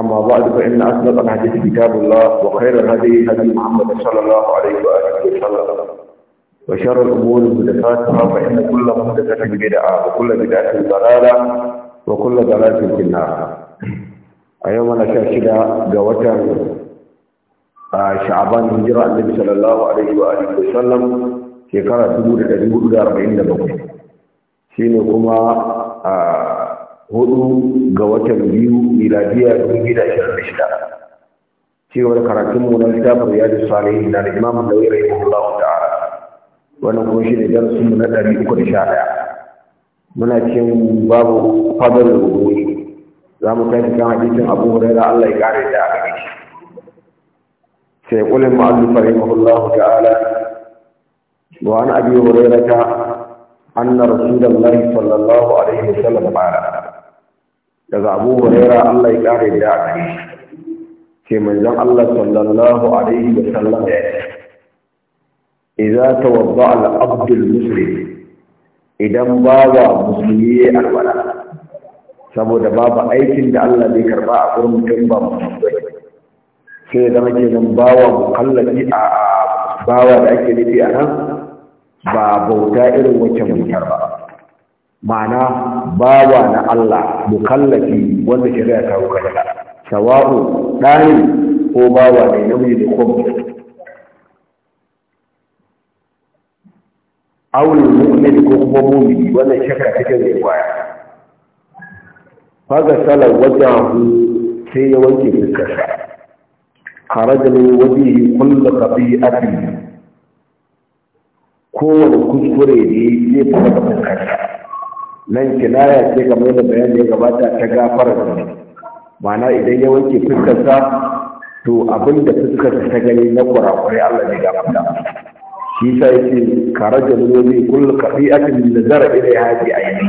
أما بعد فإن أصدق الحديث كتاب الله وخير الهدي هدي محمد صلى الله عليه وآله وسلم وشر الأمور محدثاتها فإن كل محدثة بدعة وكل بدعة ضلالة وكل ضلالة في النار أيوم أنا شاشدة جوتا شعبان هجرة النبي صلى الله عليه وآله وسلم شكرا تقول تقول دار بإن بقي شيني كما hudu ga watan biyu miladiya shida cewar karatunmu na littafin riyadu salihi na da imamu da wira wata ta'ala wannan kuma shi ne darasinmu na ɗaya. muna cin babu fadar rubuwi za mu kai kan hadisin abu hurairah Allah ya kare da gare shi sai qul ma'allu rahimahullahu ta'ala wa an abi hurairah da rasulullahi sallallahu alaihi wasallam qala daga abu huraira allah ya kare da a gare shi ke manzon allah sallallahu alaihi wa sallam ya ce idza ta al Al'abdul al muslim idan bawa musulmi ya yi alwala saboda babu aikin da allah bai karba a gurin mutum ba musulmi sai zama kenan bawa mukallafi a bawa da ake nufi a nan ba bauta irin wacce mutar ba ma'ana bawa na Allah mukallafi wanda zai kawo hukunta sawa'u ɗani ko bawa ne namiji da kuma awul mu'min ko kuma mu'mini wannan shakka take da waya faga salar wajahu sai ya wanke fuskarsa kharaja min wajhihi kullu qati'atin kowane kuskure ne zai fara fuskarsa nan kinaya ce kamar yadda bayani ya gabata ta gafara zunubi ma'ana idan ya wanke fuskarsa to abin da fuskarsa ta gani na kurakurai Allah ne gafarta shi sa kare da zunubi kullu qati'atin da zara ila hadi ayni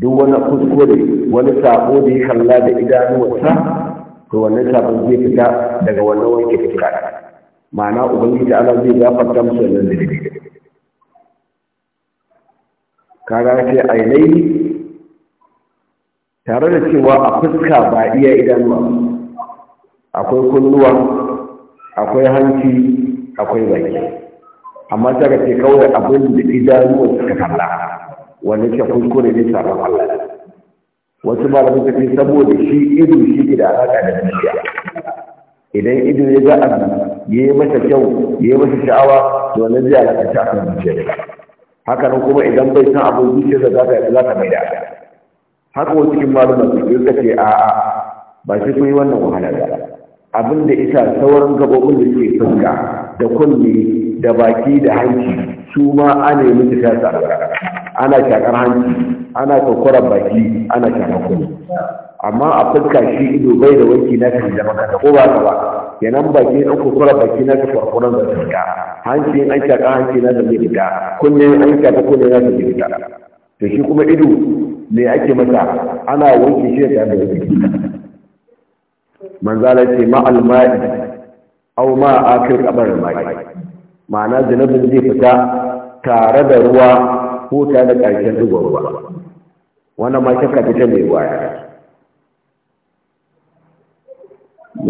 duk wani kuskure wani sabo da ya kalla da idanuwarsa to wannan sabon zai fita daga wannan wanke fuskar ma'ana ubangiji Allah zai gafarta musu wannan dalilin kaga ce ainihi tare da cewa a fuska ba iya idan ba akwai kunnuwa akwai hanci akwai baki amma ta ce kawai abin da idanuwa suka kalla wani ke kuskure ne sabon Allah wasu malamin ta ce saboda shi ido shi ke da alaƙa da zuciya idan ido ya ga abu ya yi masa kyau ya yi masa sha'awa to wani zai alaƙa ta akan zuciya haka nan kuma idan bai san abin da za ta za ta mai da haka wasu cikin malumar su suka ce a a ba shi kun yi wannan wahala ba abin da isa sauran gabobin da suke fuska da kunne da baki da hanci su ma ana yi musu tasa ana shakar hanci ana kwakwarar baki ana shakar kunne amma a fuska shi ido bai da wanki na kan jama'a da ko ba ka ba kenan baki an kurkura baki na ta kurkuran da ta fita hanci an shaƙa hanci na da zai kunne an shaƙa kunne na da zai Da to shi kuma ido ne ake masa ana wanki shi da da wanki manzala ce ma alma'i aw ma akil qabar ma'i ma'ana zinabin zai fita tare da ruwa ko tare da ƙarshen dubar ruwa wannan ma shakka ta mai waya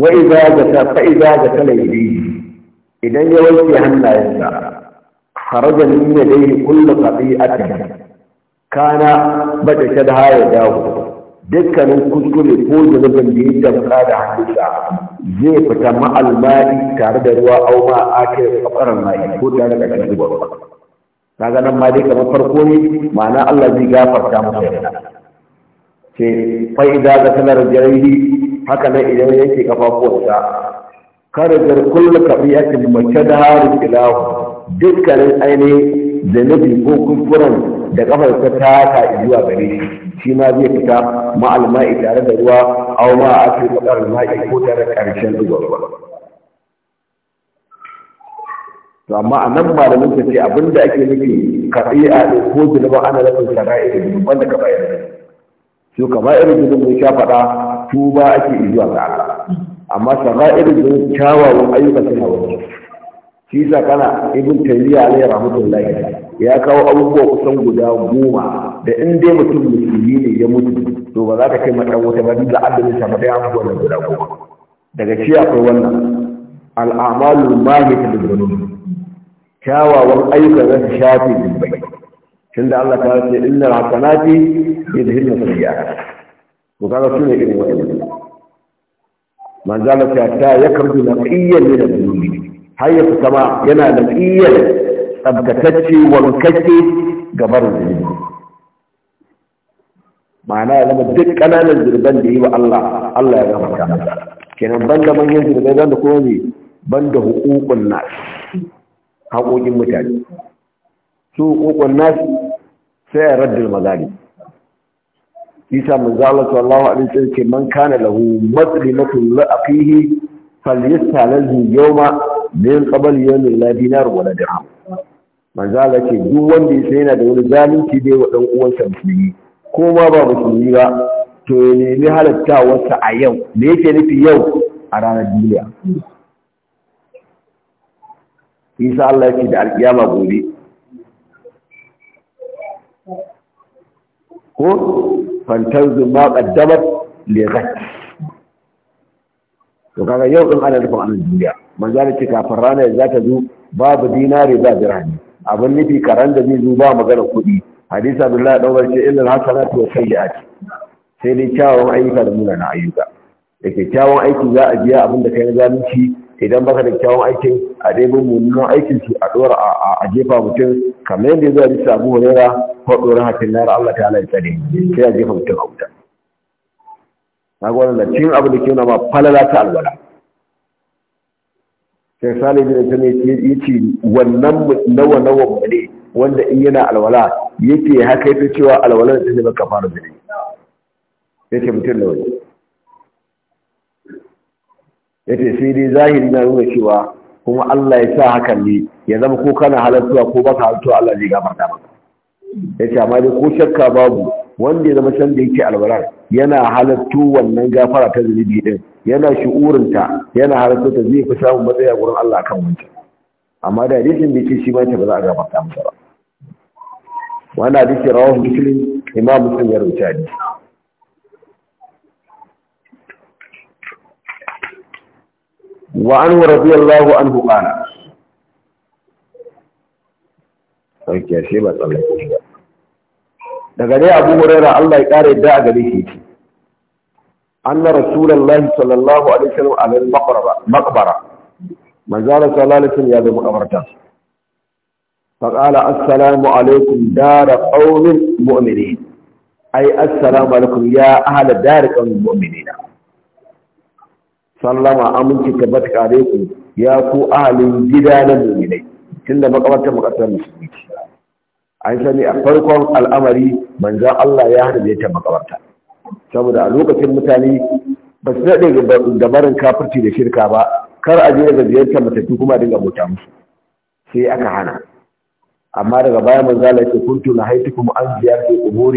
وإذا ذكر فإذا ذكر يديه إذا يوجه هنا يسعى خرج من يديه كل خطيئة كان بدأ شدها يداه dukkanin kuskure ko zunubin da ya jamka da hannunsa zai fita ma'almari tare da ruwa au ma a kai kafaran mai ko tare da kan zubar ka ga nan ma dai kamar farko ne ma'ana Allah zai gafarta masa yana ce fa idza zakala rajuli haka nan idan yake kafafuwansa karajar kullu kabiyatin mace da haru ilahu dukkanin da nabi ko kufuran da kafarsa ta ta zuwa gare shi shi ma zai fita ma'alma'i, tare da ruwa aw ma a ce matsar ma'i ko tare karshen dubar ruwa to amma a nan malamin ta ce abinda ake nufi kabi'a ne ko zunuba ana nufin sara'i wanda ka bayar su irin bayar zunubin sha faɗa tuba ake zuwa ga Allah amma sabair zun kyawawan ayyuka suna wani shi sa kana Tariya taymiya alayhi rahmatullahi ya kawo abubuwa kusan guda goma da in dai mutum musulmi ne ya mutu to ba za ka kai mata wata ba duk da adadin sa ba ya wannan guda goma daga shi akwai wannan al'amalu ta da kyawawan ayyuka za su shafe zunubai tunda Allah ta ce innal hasanati da sayyi'at to kaga su ne irin wa'annan manzala ta ta ya karbi na min al-dhunubi har ya fita ma yana naqiyan tsabtatacce wankacce ga barin zunubi ma'ana ya zama duk ƙananan zurban da yi wa Allah Allah ya gama ta kenan banda manyan zan da kuma ne banda hukukun nas haƙoƙin mutane su hukukun nas sai ya raddin mazalim isa manzala sallallahu alaihi wasallam ce man kana lahu mazlimatun la aqihi falyastalahu yawma min qabl yawmin la dinar wala dirham manzala ce duk wanda yasa yana da wani zalunci da wa dan uwansa musulmi ko ma ba musulmi ba to ya nemi halattawarsa a yau me yake nufi yau a ranar duniya isa Allah ya ce da alƙiyama gobe ko fantanzu ma ƙaddamar li to kaga yau din ana nufin anan duniya manzo da ce kafin ranar za ta zo babu dinari ba dirhami abin nufi karan da zai zo ba magana kuɗi hadisi abdullahi dan warce illal hasanatu wa sayyi'ati sai dai kyawawan ayyuka da Muna na ayyuka da kyawawan aiki za a biya abin da kai na zalunci idan baka da kyawun aikin a ɗaya mummunan aikin a ɗora a jefa mutum kamar yadda zuwa bisa abu hulera faɗo rahatin na Allah ta ya tsari ta a jefa mutum a wuta na ga da cin abu da ke nuna ma falala ta alwala sai salihu da ta ne yi ce wannan nawa nawa mu wanda in yana alwala yake haka fi cewa alwala ta ne ba kafara Ya yake mutum da wani ce sai dai zahiri na nuna cewa kuma Allah ya sa hakan ne ya zama ko kana halartuwa ko ba ka halartuwa Allah zai gafarta maka ya ce amma ko shakka babu wanda ya zama sanda da yake albarar yana halartu wannan gafara ta zunubi din yana shi'urinta yana halartu ta zai fi samun matsayi a gurin Allah kan wancan amma da hadisin bai ce shi ma ta ba za a gafarta masa ba wannan hadisi rawahu muslim imam muslim ya hadisi وعنه رضي الله عنه قال sauke shi ba tsallake shi ba daga dai abu huraira Allah ya kare da a gare shi ce anna rasulullahi sallallahu alaihi wasallam alal maqbara maqbara manzara sallallahu alaihi ya zama makabarta fa qala assalamu alaikum dar qaumin mu'minin ay assalamu alaikum ya ahla dar qaumin mu'minina sallama aminci ka bat kare ku ya ku ahalin gida na mu'minai tunda makabarta makasar musulunci an sani a farkon al'amari manzan Allah ya hada ta makabarta saboda a lokacin mutane ba su daɗe barin kafirci da shirka ba kar a je daga ziyartar matattu kuma dinga bota musu sai aka hana amma daga baya manzan Allah ya ce kuntu kuma an ziyarati fa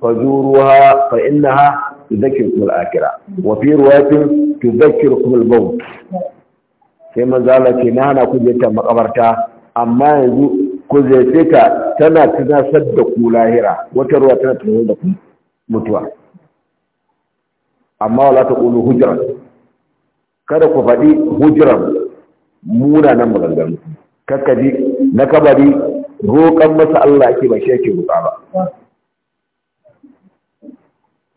fazuruha fa innaha تذكركم الآخرة وفي رواية تذكركم الموت sai manzala ke na hana kujerta makabarta amma yanzu kujerce ta tana tunasar da ku lahira wata ruwa tana tunasar da ku mutuwa amma wala ta ƙulu hujjar kada ku faɗi muna nan maganganu kakkaji na kabari roƙon masa Allah ake ba shi ake roƙa ba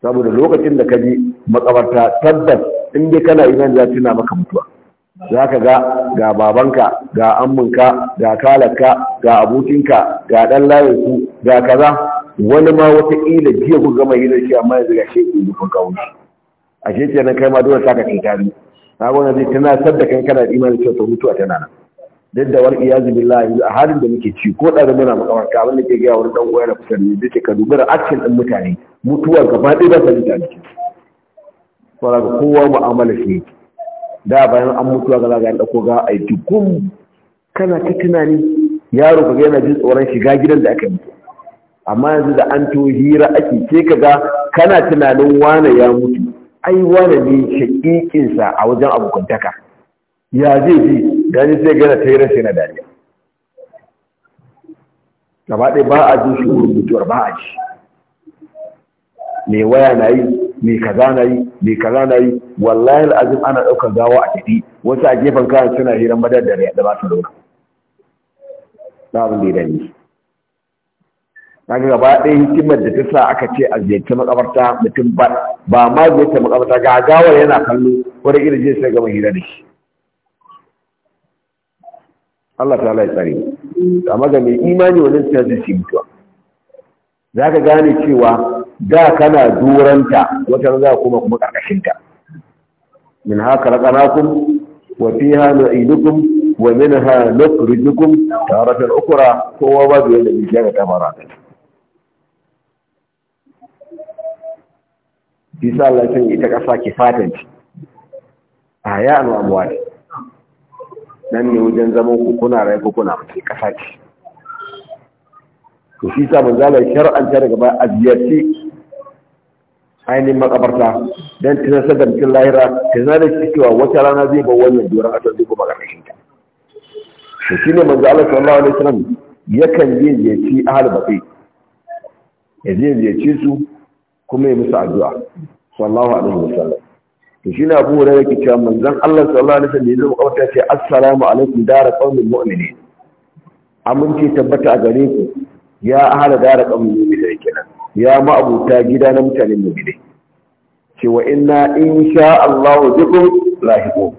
saboda lokacin da ka ji makabarta tabbas in dai kana iman za tuna maka mutuwa za ka ga ga babanka ga amminka ga kalarka ga abokinka ga ɗan layinku ga kaza wani ma wataƙila jiya ku gama yi da shi amma yanzu ga shi ku yi kun kawo a shi kenan kai ma dole sa ka kai tari na gwamnati tana sadda kai kana imanin cewa ta mutuwa tana nan daddawar da wani iyazu billahi a halin da muke ci ko ɗaga muna makamarta abin da ke gaya wani ɗan uwa na kusa ne da ke ka action ɗin mutane mutuwa gaba ɗaya ba ta ji ta jikin saboda ga kowa mu'amala shi da bayan an mutuwa ga zaga ɗauko ga a dukkan kana ta tunani yaro ka yana jin tsoron shiga gidan da aka mutu amma yanzu da an to hira ake ke ka ga kana tunanin wane ya mutu ai wane ne shaƙiƙinsa a wajen abokantaka ya zai ji gani zai gana ta yi rashe na dariya gaba ɗaya ba a ji shi mutuwar ba a ji mai waya na yi mai kaza na yi mai kaza na yi wallahi azim ana ɗaukar gawa a tafi wasu a gefen kayan suna hiran madar da da ba su dauka abin da ya dani kaga gaba ɗaya hikimar da ta sa aka ce a ziyarci makabarta mutum ba ba ma ziyarci makabarta ga gawar yana kallo wani irin je sai gama hira da shi Allah ta ya tsare amma ga mai imani wannan sai zai ci mutuwa za ka gane cewa da kana duranta wata za ka koma kuma karkashinta min haka raqanakum wa fiha nu'idukum wa minha nukhrijukum taratan ukra kowa ba da yadda yake ga tabara ta bisa Allah sai ita kasa kifatanci ayanu amwali nan ne wajen zaman ku kuna rai ko kuna mace kasa ce to shi sa manzala shar'anta daga ba a ziyarci ainihin makabarta don tunasar da lahira ta zana da cewa wata rana zai bar wannan doron a zai kuma ƙarƙashin ta to shi ne manzo Allah sallallahu alaihi wasallam yakan je ziyarci ahal bakai ya je ziyarci su kuma ya musu addu'a sallallahu alaihi wasallam to shi na abu wurin yake cewa manzan Allah sallallahu alaihi wasallam ya zo kawata ce assalamu alaikum dara qaumin mu'minin aminci tabbata a gare ku ya ahla dara qaumin mu'minin kenan ya ma'abuta gida na mutanen mu'minin ce wa inna insha Allah bikum lahiqun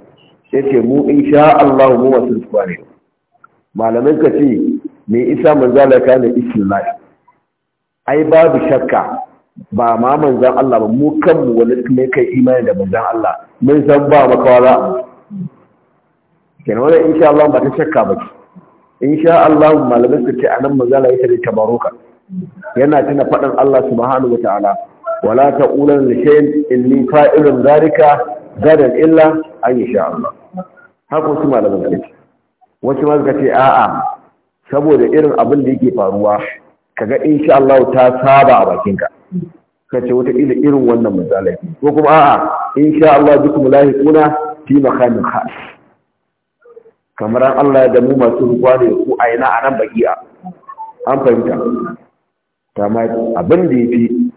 yace mu insha Allah mu wasu tsare malamin ka ce me isa manzala kana istilahi ai babu shakka ba ma manzan Allah ba mu kanmu wani ne kai imani da manzan Allah mun san ba makawa za kenan wannan insha Allah ba ta shakka ba insha Allah malamin su ce anan manzan Allah yake da tabaruka yana tana fadan Allah subhanahu Ta'ala wala taqulan li shay'in inni fa'ilun dhalika gadan illa an insha Allah haka su malamin su ce wasu ma suka ce a'a saboda irin abin da yake faruwa kaga insha Allah ta saba a bakinka kace wata ila irin wannan misalai ko kuma a'a insha Allah bikum lahiquna fi makamin khas kamar Allah da mu masu ruwa ne a ina a nan a? an fahimta Ta ma abin da yafi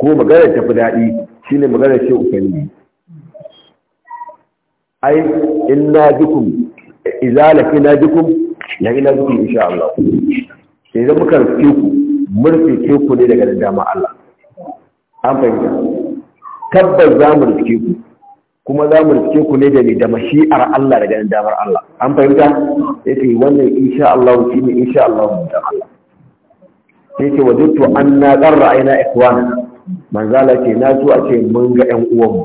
ko magana ta fi daɗi shine magana ce ufanni ai inna dukum idza lakina dukum la ila dukum insha Allah sai zan muka rufe ku murfe teku ne daga dama Allah an fahimta tabbas za mu rufe ku kuma za mu rufe ku ne da ne da mashi'ar Allah daga damar Allah an fahimta ya ce wannan insha Allah shi ne insha Allah mu da Allah sai ce wajittu an na tsarra aina ikwana manzala ce na zuwa a ce mun ga ƴan uwanmu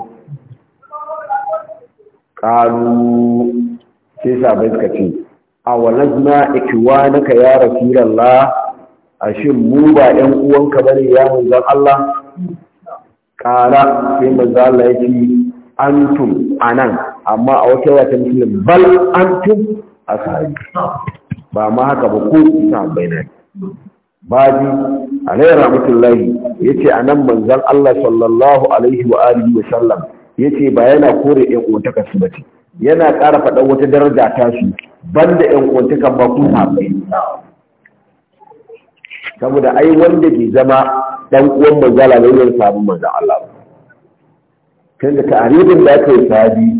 ƙaru sai sabai suka ce a walazna ikwanaka ya rasulallah a shin mu ba ‘yan uwanka bane ya manzan Allah ƙara sai manzan Allah ya ce antum anan amma a wata wata musulun bal antum a sa'ari ba ma haka ba ko isa bayanar baji a rai rahmatullahi ya ce a nan manzan Allah sallallahu alaihi wa alihi wa sallam ya ce ba yana kore ‘yan uwantaka su ba ce yana ƙara faɗan wata daraja ta shi banda ƴan uwantakan ba ku sabai saboda ai wanda ke zama ɗan uwan manzala ne yin samun manzan Allah kan da ta'aribin da aka yi sabi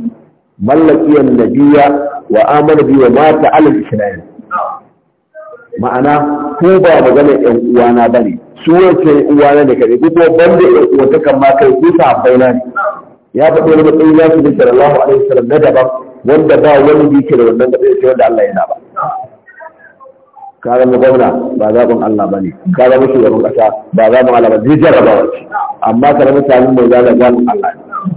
mallakiyar nabiya wa amana bi wa mata ala islam ma'ana ko ba magana ƴan uwana bane su wace uwana ne kare ko banda ƴan uwantakan ma kai ku sabai na ne ya faɗi wani matsayi na su ne sallallahu alaihi wasallam na daban wanda ba wani da yake da wannan matsayi sai wanda Allah yana ba ka zama gwamna ba zaɓin Allah ba ne ka zama shugaban ƙasa ba zaɓin Allah ba zai jarrabawa ce amma ka zama talin mai zaɓin zaɓin Allah ne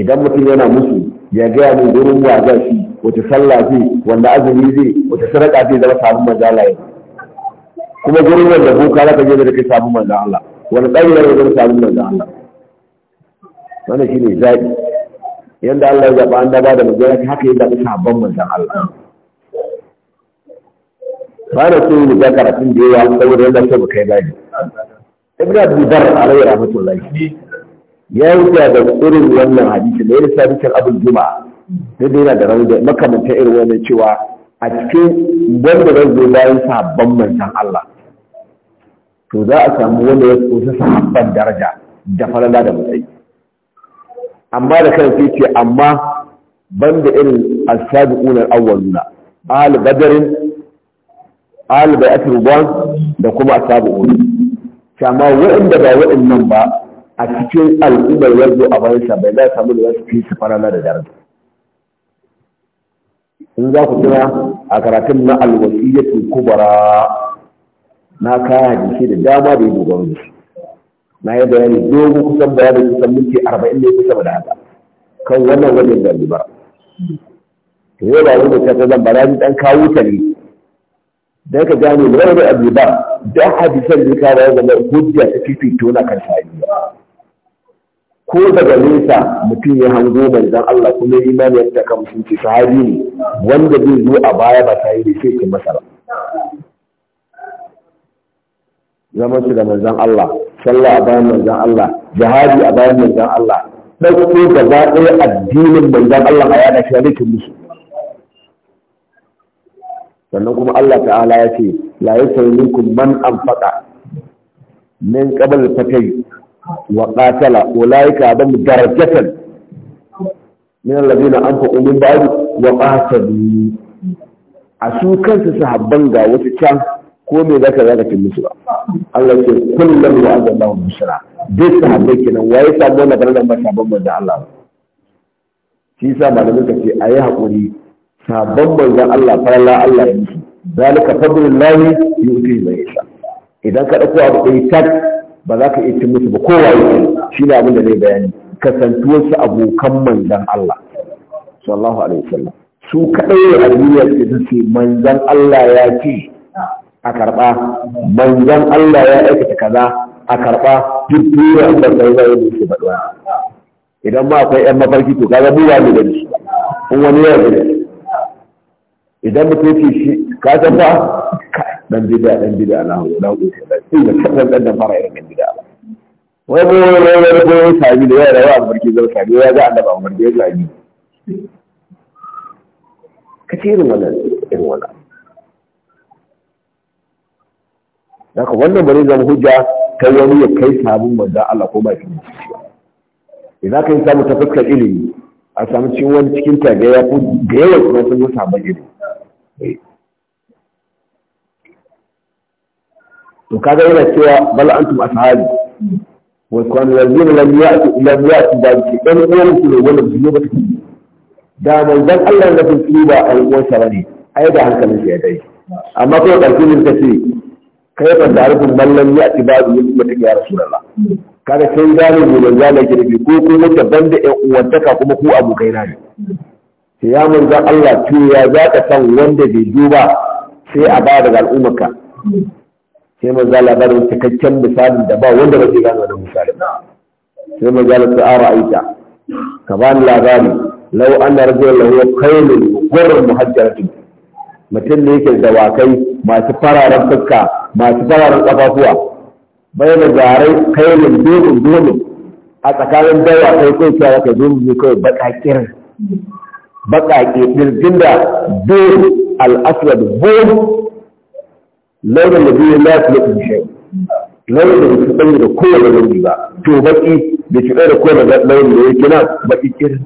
idan mutum yana musu ya gaya min gurin wa za shi wata sallah zai wanda azumi zai wata sadaka zai zama sabon manzo Allah ya kuma gurin wanda boka zaka je da kai sabon manzo Allah wanda tsari da zama sabon manzo Allah wanda shi ne zaɓi yadda Allah ya zaɓa an daba da ta haka yi zaɓi sabon manzan Allah ba da so yi ga karatun da yawa saboda yadda sai kai gani ibn abu a rai rahmatullahi ya yi da tsirin wannan hadisi da ya nisa bikin abin juma'a da daina da rauni da makamantar irin wannan cewa a cikin wanda zai zo bayan sabon manzan Allah to za a samu wanda ya tsosa sahabban daraja da falala da matsayi amma da kan sai ce amma banda irin unar awaluna awwaluna ahli badrin bai bai'at ruban da kuma asabiqun kama wa'anda ba wa'annan ba a cikin al'ummar yanzu a bayan sa bai za samu da wasu kisi farala da daraja in za ku tuna a karatun na alwasiyyatu kubara na kaya jiki da dama da yi da shi na yi bayani dogon kusan bayanin kusan minti arba'in ne kusa da haka kan wannan wajen da ba to yau ba wani ta zan bara ni dan kawo ta ne dan ka gane da wani abu ba dan hadisan da ka bayar da hujja ta fito na kan sai ko daga nesa mutum ya hango zan Allah kuma imani ya ta kan ci sahabi ne wanda zai zo a baya ba sai da sai ke masa zaman su da manzan Allah sallah a bayan manzan Allah jihadi a bayan manzan Allah ɗauko gaba ɗaya addinin manzan Allah a yana shi rikin musu sannan kuma Allah ta'ala ya ce la yasawi minkum man anfaqa min qabl fatay wa qatala ulaika adam darajatan min alladhina anfaqu min ba'd wa qatalu a su kansu sahabban ga wasu can ko me za ka zaka kin musu ba Allah ce kullum wa azallahu bisra duk sahabbai kenan waye sabon na garin ba sabon manzon Allah shi yasa malamin ka ce ayi hakuri sabon manzon Allah farala Allah ya musu zalika fadlullahi yuti man yasha idan ka dauko abu dai tak ba za ka iya musu ba kowa yake shi ne abin da zai bayani kasantuwar su abokan manzon Allah sallallahu alaihi wasallam su kadai a duniya ce su manzon Allah ya ce a karɓa banzan Allah ya aikata kaza a karɓa duk duniya an bar sai zai yi faɗuwa idan ma akwai ƴan mafarki to kaga mu ne da shi in wani ya shi. idan mutum ce shi ka san fa dan bid'a dan bid'a na ya dawo shi da kan dan da fara irin bid'a wai ko wai wai ko sabi da yara wa mafarki zai sabi ya ga Allah ba mafarki ya sabi kace irin wannan irin wannan haka wannan ba zai zama hujja ta wani ya kai sabon manzan Allah ko ba shi ba idan ka yi samu ta fuskar ilimi a samu cikin wani cikin tage ya fi da yawan kuma sun yi sabon ilimi eh. to kaga yana cewa bal antum ashabi wa kanu lazina lam ya'ti lam ya'ti da ki dan uwan ku ne wannan ne ba da manzan Allah na fi ba a uwan sa bane ai da hankalin shi ya dai amma ko karfin ta ce kai ban da harfin mallan ya ci babu yin mata ya rasulullah kaga kai gane ne ban zala ki rabi ko kuma ta banda ƴan uwantaka kuma ku abokai na ne sai ya manzo Allah to ya za ka san wanda bai duba sai a ba daga al'ummarka sai manzo labarin cikakken misalin da ba wanda ba zai gane wannan misalin sai manzo Allah ta ara aita ka ba ni labari law anna rajulan lahu khaylun qurr muhajjaratin mutum ne yake da wakai masu fararen fuska masu da kafafuwa bai da zarai kailin domin domin a tsakanin dawa kai kai cewa kai domin ne kai bakakin bakake dirgin da domin al'aswad domin launin da biyu na su lafi shi launin da su tsaye da kowane launi ba to baki da shi da kowane launi da yake nan baki kirin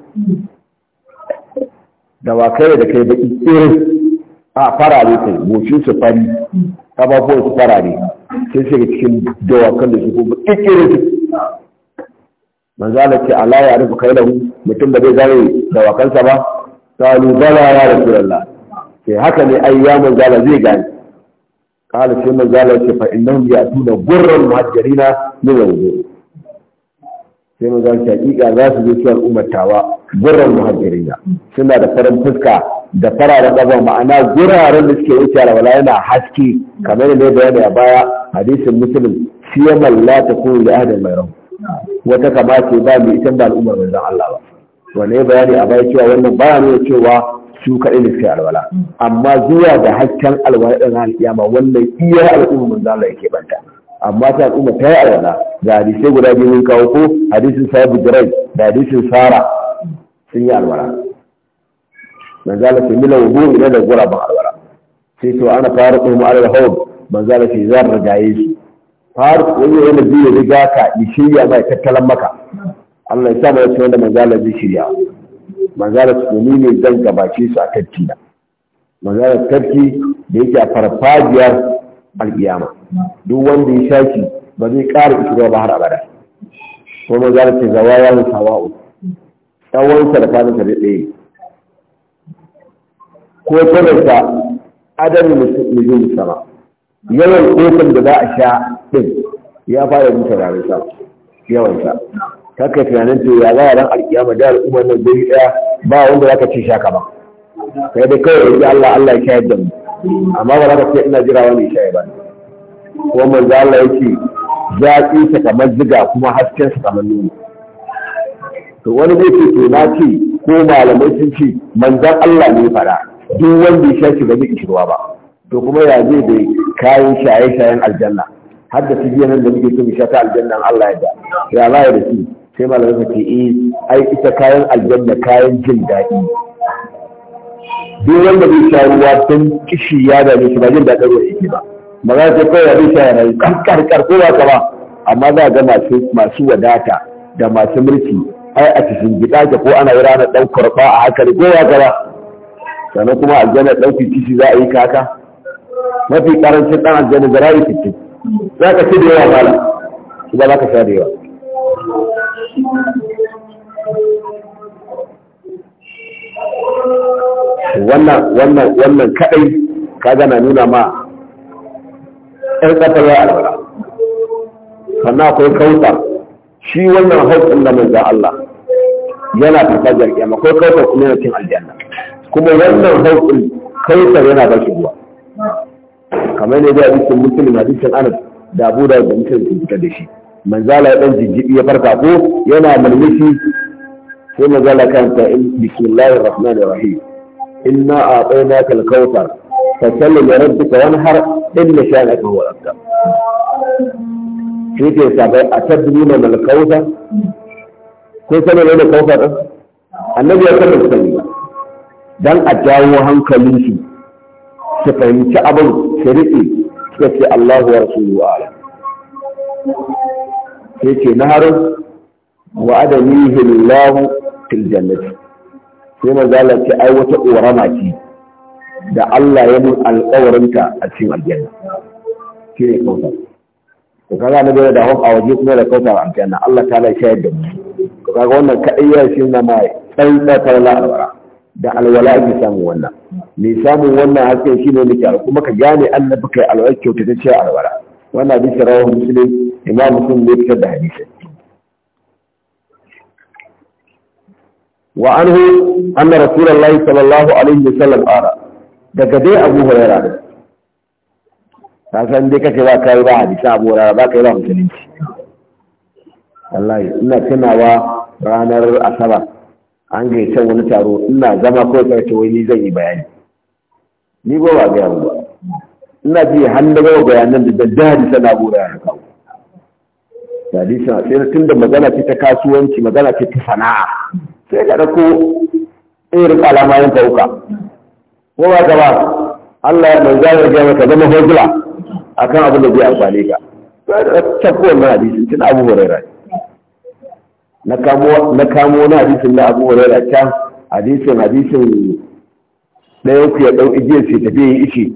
da kai da kai baki kirin a fara ne kai goshin su fari Ƙafafuwan su farare sai sai ga cikin dawakan da su kuma ƙirƙirin su manzo Allah ce ala ya rufu kai da mutum da bai gane sa ba qalu bala ya rasulullah sai haka ne ai ya zai gane qala sai manzo Allah ce fa innahum yatuna gurran muhajirina min nuna wudu sai manzo Allah ce hakika za su zo su al'ummar tawa gurran muhajirina suna da farin fuska da fararen ƙafa ma'ana guraren da suke wuce alwala yana haske kamar da bayani a baya hadisin musulun siyaman la ta da ahadin mai rahu wata kama ce ba mai ita ba al'ummar manzon Allah ba wanne bayani a baya cewa wannan baya nuna cewa su kaɗai da suke alwala amma zuwa da hasken alwala ɗin alƙiyama wannan iya al'ummar manzon Allah yake banta amma ta al'umma ta yi alwala ga hadisai guda biyu mun kawo ko hadisin sahibu jirai da hadisin sara sun yi alwala manzala ce mila wudu ne da ban alwara sai to ana fara kuma alal hawd manzala ce zar rigaye shi har wani wani biyu riga ka ni mai tattalan maka Allah ya sa mai wata wanda manzala zai shirya manzala ce ni ne zan gabace su a tafki na manzala tarki da yake a farfajiyar alkiyama duk wanda ya shaki ba zai ƙara ishiga ba har abada ko manzala ce zawaya mu sawa'u tsawon sarfa da fadin ɗaya ko adam mutum nujum sama yawan kofin da za a sha ɗin ya fara yin turaren sama yawan sa ta kai tunanin to ya za ran alkiyama da al'ummar nan gari ɗaya ba wanda za ka ci shaka ba kai da kawai yanzu Allah Allah ya shayar da mu amma ba za ka ce ina jira wani ya shayar ba kuma manzo Allah yake zaƙi ta kamar ziga kuma hasken sa kamar nuna to wani zai ce to na ce ko malamai sun ce manzon Allah ne fara duk wanda ya shaki ba zai kishirwa ba to kuma ya zai da kayan shaye-shayen aljanna har da su nan da muke so mu sha ta aljannan Allah ya da ya ya da shi sai malamai ka ce eh ai ita kayan aljanna kayan jin daɗi duk wanda bai sha ruwa don kishi ya dame shi ba jin daɗin ruwa yake ba maza ce kawai abin sha yanayi karkar ko ba ka ba amma za ga masu wadata da masu mulki ai a cikin gida ko ana yi ranar ɗan kurɓa a haka ko ba ka sannan kuma aljanna ɗauki kishi za a yi kaka mafi ƙarancin ɗan aljanna da rayu fitin za ka ci da yawa mala su ba za ka sha da yawa wannan wannan wannan gana nuna ma ɗan ƙasar ya alwala sannan akwai kauta shi wannan hautsin da manzan Allah yana tafajar kyamma akwai kautar kuma yana cin aljanna kuma wannan hausin kautar yana ba shi ruwa kamar ne zai mutum musulun hadisin anas da abu da da mutum sun fita da shi manzala ya dan jijjibi ya farka ko yana malmishi sai manzala kan ta in bismillahir rahmanir rahim inna a'tainaka al-kautsar fasalli li rabbika wanhar inna sha'naka huwa al-abtar shi ke sabai a tabbini na malkauta ko sanar da kautar annabi ya tabbata sani don a jawo hankalinsu su fahimci abin su riƙe suka ce Allahu wa Rasulu ala sai ce na harin wa adamihi lillahu fil jannati sai manzala ce ai wata ƙorama ce da Allah ya nun alƙawarinta a cikin aljanna shi ne kautar Ko kaga na gaba da hon a waje kuma da kautar aljanna Allah ta lai shayar da mu Ko kaga wannan kaɗai ya shi na mai tsantsar la da alwala ake samun wannan mai samun wannan haske shi ne nake kuma ka gane annabi kai alwala kyauta ta ce alwala wannan bisa rawahu muslim imam muslim ne fitar da hadisi wa anhu anna rasulullahi sallallahu alaihi wa sallam ara daga dai abu hurairah ta san dai kace ba kai ba hadisi abu hurairah ba kai ba musulunci wallahi ina tunawa ranar asabar an can wani taro ina zama ko karshe wai wani zan yi bayani ni ba ba gaya ba ina ji har na gama bayanan da daddadi sana gora ya kawo hadisan sai tun da magana ce ta kasuwanci magana ce ta sana'a sai ka ɗauko irin alama yin tauka ko ba ka ba Allah ya mai zai ga ka zama hozula akan abin da zai amfane ka sai da tafko wannan hadisin tun Abu rai. na kamo wani hadisin na abu wani da can hadisin hadisin ɗayan ku ya ɗau igiyar ce tafi yin ishi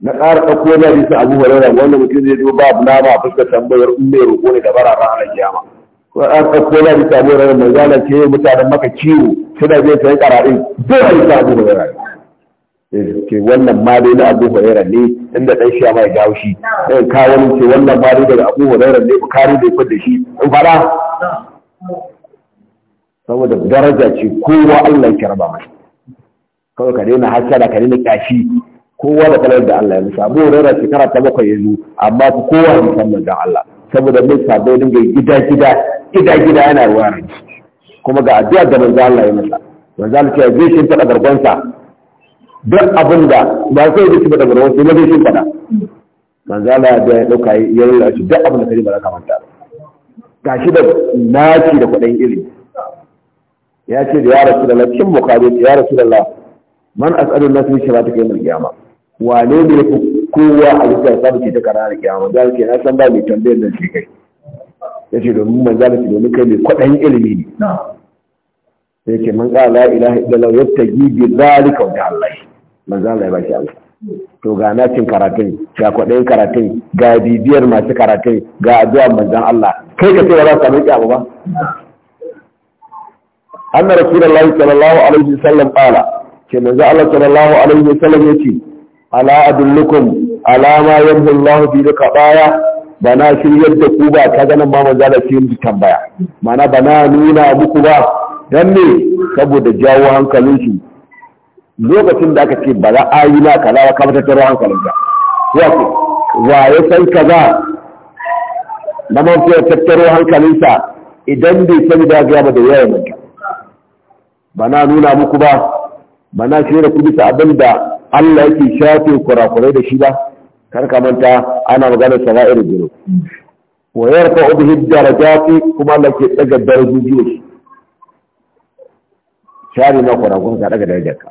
na ƙara ɗauko wani hadisin abu wani da wanda mutum zai zo babu nama a fuskar tambayar in mai roƙo ne da bara ranar kiyama ko an ɗauko na hadisin abu wani da mai zana ce mutanen maka ciwo suna zai sayi ƙararin zai hadisin abu wani da eh, ke wannan ma dai na abu huraira ne inda ɗan shi mai jawo shi ɗan eh, kawo ce wannan ma dai daga abu huraira ne bukari bai fada shi in fara saboda daraja ce kowa Allah ya raba mai kawai ka daina hasara ka daina kashi kowa da kalar da Allah ya musa abu rara shekara ta bakwai ya zo amma ku kowa ya musamman don Allah saboda mai sabo dinga gida gida gida gida yana ruwa kuma ga addu'a da manzo Allah ya masa manzo Allah ya zai shin fada gargonsa duk abin da ba sai da shi fada gargonsa ne zai shin fada manzo Allah ya dauka ya yi duk abin da kai ba za ka manta ba gashi da naci da kwaɗayin ilimi ya ce da ya rasu da lakin mukari ya rasu da la man as'alun nasu ba ta kai mul kiyama wane ne yafi kowa a lissa sabu ce ta karara kiyama da ke na san ba mai tambayar nan shi kai ya ce domin man zalunci domin kai mai kwaɗayin ilimi ne sai ce man ƙara la ilaha illallah yi bi zalika wa Allah man zalunci ya shi Allah to ga nacin karatun ga kwaɗayin karatun ga bibiyar masu karatun ga addu'a manzan Allah kai ka cewa za ka samu abu ba anna rasulullahi sallallahu alaihi wasallam qala ke manzo Allah sallallahu alaihi wasallam yace ala adullukum ala ma yamhu Allah bi baya bana na yadda ku ba ta ganin ba manzo da shi tambaya mana bana nuna muku ba dan ne saboda jawo hankalin shi lokacin da aka ce ba za a yi na kaza ba ka fitar hankalinka wa ya san kaza na mafi ya tattaro hankalinsa idan bai sani da gaya ba da yawa manta ba na nuna muku ba ba na shirya da ku bisa abin da Allah yake shafe kurakurai da shi ba kar ka manta ana magana sara'ir jiro wa yarfa bihi darajati kuma Allah ke daga darajoji da shi share na kurakun ka daga darajarka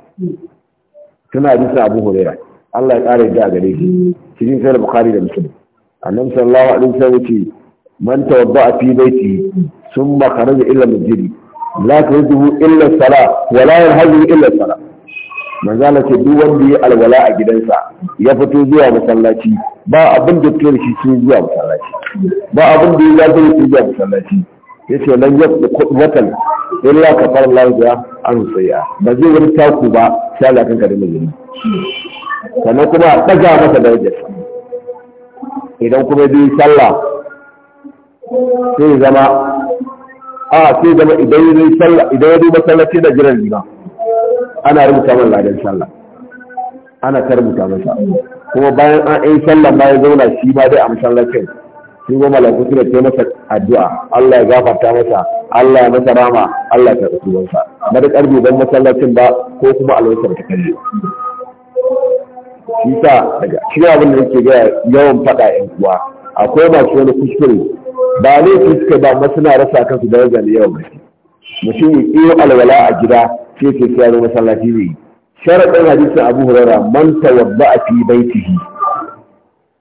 tuna bisa Abu Hurairah Allah ya ƙara yadda a gare shi cikin sayar Bukhari da Muslim annabi sallallahu alaihi wasallam ce man tawadda'a fi baiti thumma kharaja illa masjidi la tujibu illa salat wa la yanhazu illa salat manzala ce duk wanda ya yi alwala a gidansa ya fito zuwa masallaci ba abin da tuwar shi sun zuwa masallaci ba abin ya zafi shi zuwa masallaci ya ce nan ya watan illa ka fara an tsaya ba zai wani taku ba sai Allah kanka da mijini sannan kuma daga masa darajar idan kuma ya bi sallah sai zama a sai zama idan ya yi sallah idan ya duba sallah sai da jiran riba ana rubuta man ladan sallah ana ta rubuta masa kuma bayan an yi sallah ma ya zauna shi ma dai a masallacin shi kuma malaku suna ce masa addu'a Allah ya gafarta masa Allah ya masa rama Allah ya karɓi tubansa ba da ƙarfi don masallacin ba ko kuma alwasar ta kalle shi sa daga cikin abin da nake gaya yawan faɗa 'yan uwa akwai masu wani kuskure ba laifi suka ba amma suna rasa kansu da wajen yawan gaske mutum ya iyo alwala a gida sai ke siya da masallaci ne sharaɗin hadisin abu hurara man tawadda a fi baitihi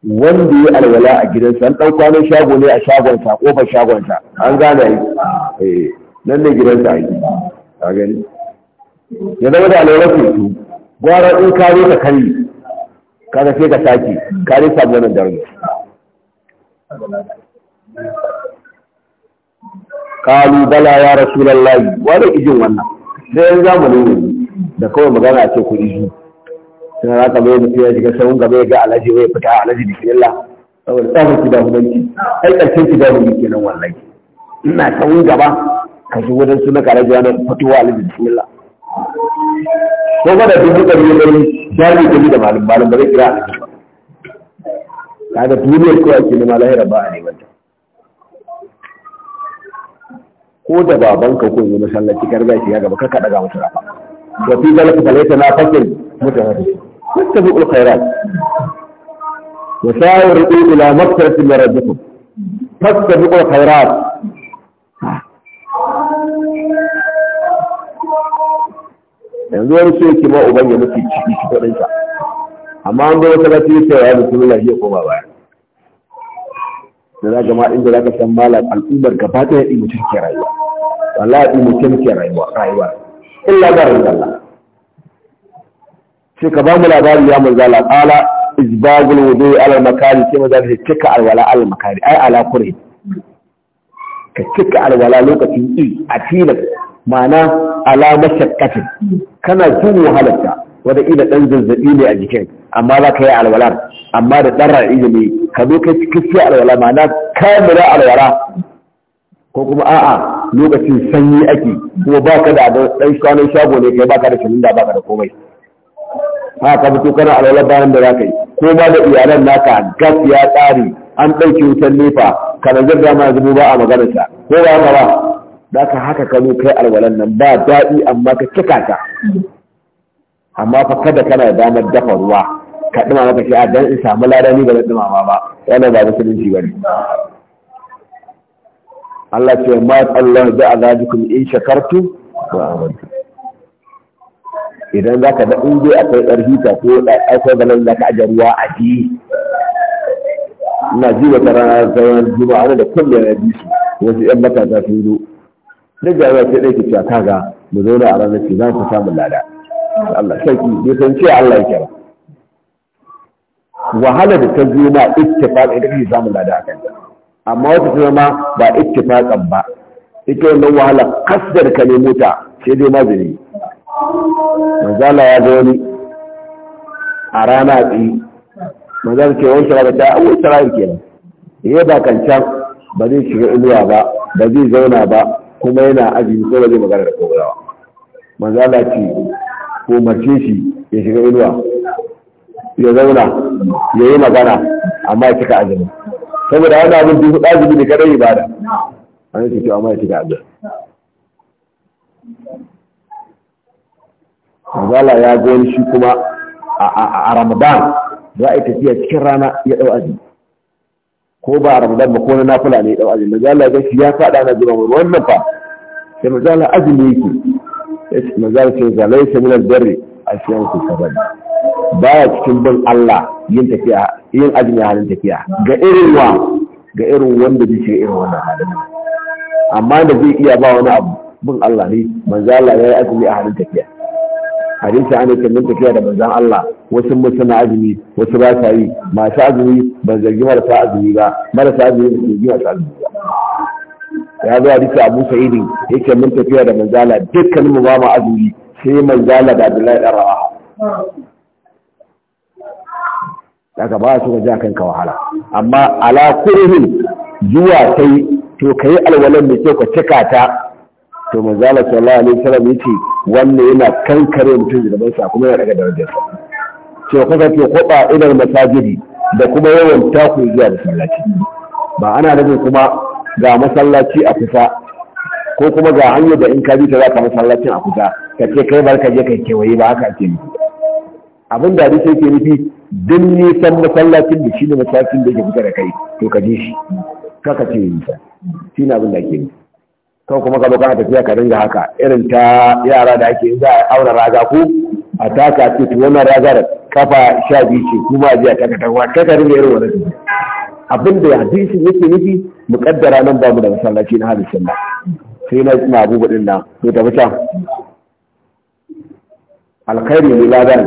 wanda ya alwala a gidansa an ɗan kwanan shago ne a shagonsa kofar shagonsa an gane yi eh, nan ne gidansa yi a gani ya zama da alwala ke su gwara in ka zo ka kari kaga sai ka sake kare sabuwar daraja kalu bala ya rasulallahi wani ijin wannan sai yan zamani ne da kawai magana ce ku iji sun haka mai mutum ya shiga sahun gaba ya ga alhaji ya fita alhaji bismillah saboda tsarin ki da hudanci ai karshen ki da kenan wallahi ina sahun gaba ka shigo wajen suna kare jana fitowa alhaji bismillah ko ba da duk da ne dai jari da ni da malam ba zai kira ba. kaga duniyar ko ake ne malahira ba a ne wanda ko da babanka ko yi masallaci kar zai ya gaba kaka daga mutu rafa wa fi zalika falaita na fakin mutahadi tattabu alkhairat wa sawiru ila maghfirati min rabbikum tattabu alkhairat yanzu wani so yake ma uban ya mutu ciki shi kudin amma an wata masallaci sai ya lafiya ya koma baya da za gama inda za ka san malam al'ummar gaba ɗaya ɗin mutum ke rayuwa wallahi ɗin mutum ke rayuwa illa ga rin Allah sai ka ba mu labari ya manzo Allah qala izbagul wudu ala makari sai manzo Allah cika alwala ala makari ai ala kure ka cika alwala lokacin i a tilas ma'ana ala mashakkatin kana jin wahalarta wataƙila ɗan zazzaɓi ne a jikin amma za ka yi alwala amma da ɗan ra'ayi ne ka zo ka ci kisi alwala ma'ana kamila alwala ko kuma a'a lokacin sanyi ake kuma ba ka da ɗan kwanan shago ne kai ba ka da shilinda ba ka da komai ha ka fito kana alwala bayan da za ka yi ko ba da iyalan naka gas ya tsari an ɗauki wutar nefa ka da da ma zubo ba a sa, ko ba ka ba za ka haka ka zo kai alwalan nan ba daɗi amma ka cika ta amma fa kada kana da damar dafa ruwa ka dima maka shi a dan in samu ladani ba dima ma ba wannan ba musulunci bane Allah ce ma Allah da azabikum in shakartu wa amantu idan zaka da in dai akwai karfi ta ko akwai balan zaka aje ruwa a ji ina ji wata rana zaman juma'a da kullum ya ji su wasu yan matasa sun zo duk da ya ce ɗaya ki ta kaga mu zauna a ranar ce za ku samu lada Allah sarki bai san ce Allah yake ba wahala da ta zo na ittifaq ita kake samun lada a ta, amma wata ta zama ba ittifaqan ba ita wannan wahala kasdar ka ne mota sai dai mazini manzala ya ga wani a rana a tsaye manzala ke wani shara da ta abu wani shara kenan ya ba kan can ba zai shiga inuwa ba ba zai zauna ba kuma yana aji ko ba zai magana da kowa manzala ce ko mace shi ya shiga inuwa ya zauna ya yi magana amma ya cika azumi saboda wani abin duk azumi da kadai ibada an yi cikin amma ya cika azumi Mazala ya gani shi kuma a Ramadan za a yi tafiya cikin rana ya ɗau azumi ko ba a Ramadan ba ko na nafula ne ya ɗau azumi Mazala ya ga shi ya faɗa na zuwa wannan fa sai Mazala azumi yake manzara ce ga laisa min albarri a cikin ku Ba ya cikin bin Allah yin tafiya yin azumi halin tafiya ga irin wa ga irin wanda zai shiga irin wannan halin amma da zai iya ba wani abu bin Allah ne manzala ya yi azumi a halin tafiya hadisi ana kallon tafiya da manzan Allah wasu mutuna azumi wasu ba sa yi masu azumi ban zargi marasa azumi ba marasa azumi ba su yi masu azumi ba ya zo hadisi abu sa'idin yake mun tafiya da manzala dukkanin mu ba mu azumi sai manzala da abdullahi dan rawaha daga ba su gaji akan kanka wahala amma ala kurhin zuwa kai to kai alwalan da kyau ka cika ta to manzala sallallahu alaihi wasallam yace wannan yana kankare mutum da bansa kuma yana daga darajar sa ce kuka ke kwaba idan masajidi da kuma yawan taku zuwa sallaci ba ana nufin kuma ga masallaci a kusa ko kuma ga hanyar da in ka bi ta za ka masallacin a kusa ka ce kai bar ka je kai kewaye ba haka ake nufi abin da hadisi yake nufi duk nisan masallacin da shi ne masallacin da yake kusa da kai to ka je shi kaka ce nisa shi ne abin da ake nufi kan kuma ka kana tafiya ka dinga haka irin ta yara da ake za a aura raga ko a taka ce to wannan raga da kafa sha biyu ce kuma a ji a taka taka kaka dinga irin wani. abin da hadisin yake nufi mu kaddara nan ba mu da masallaci na hadisin sai na ina abubuwa din nan to tafi can alkhairi ne ladan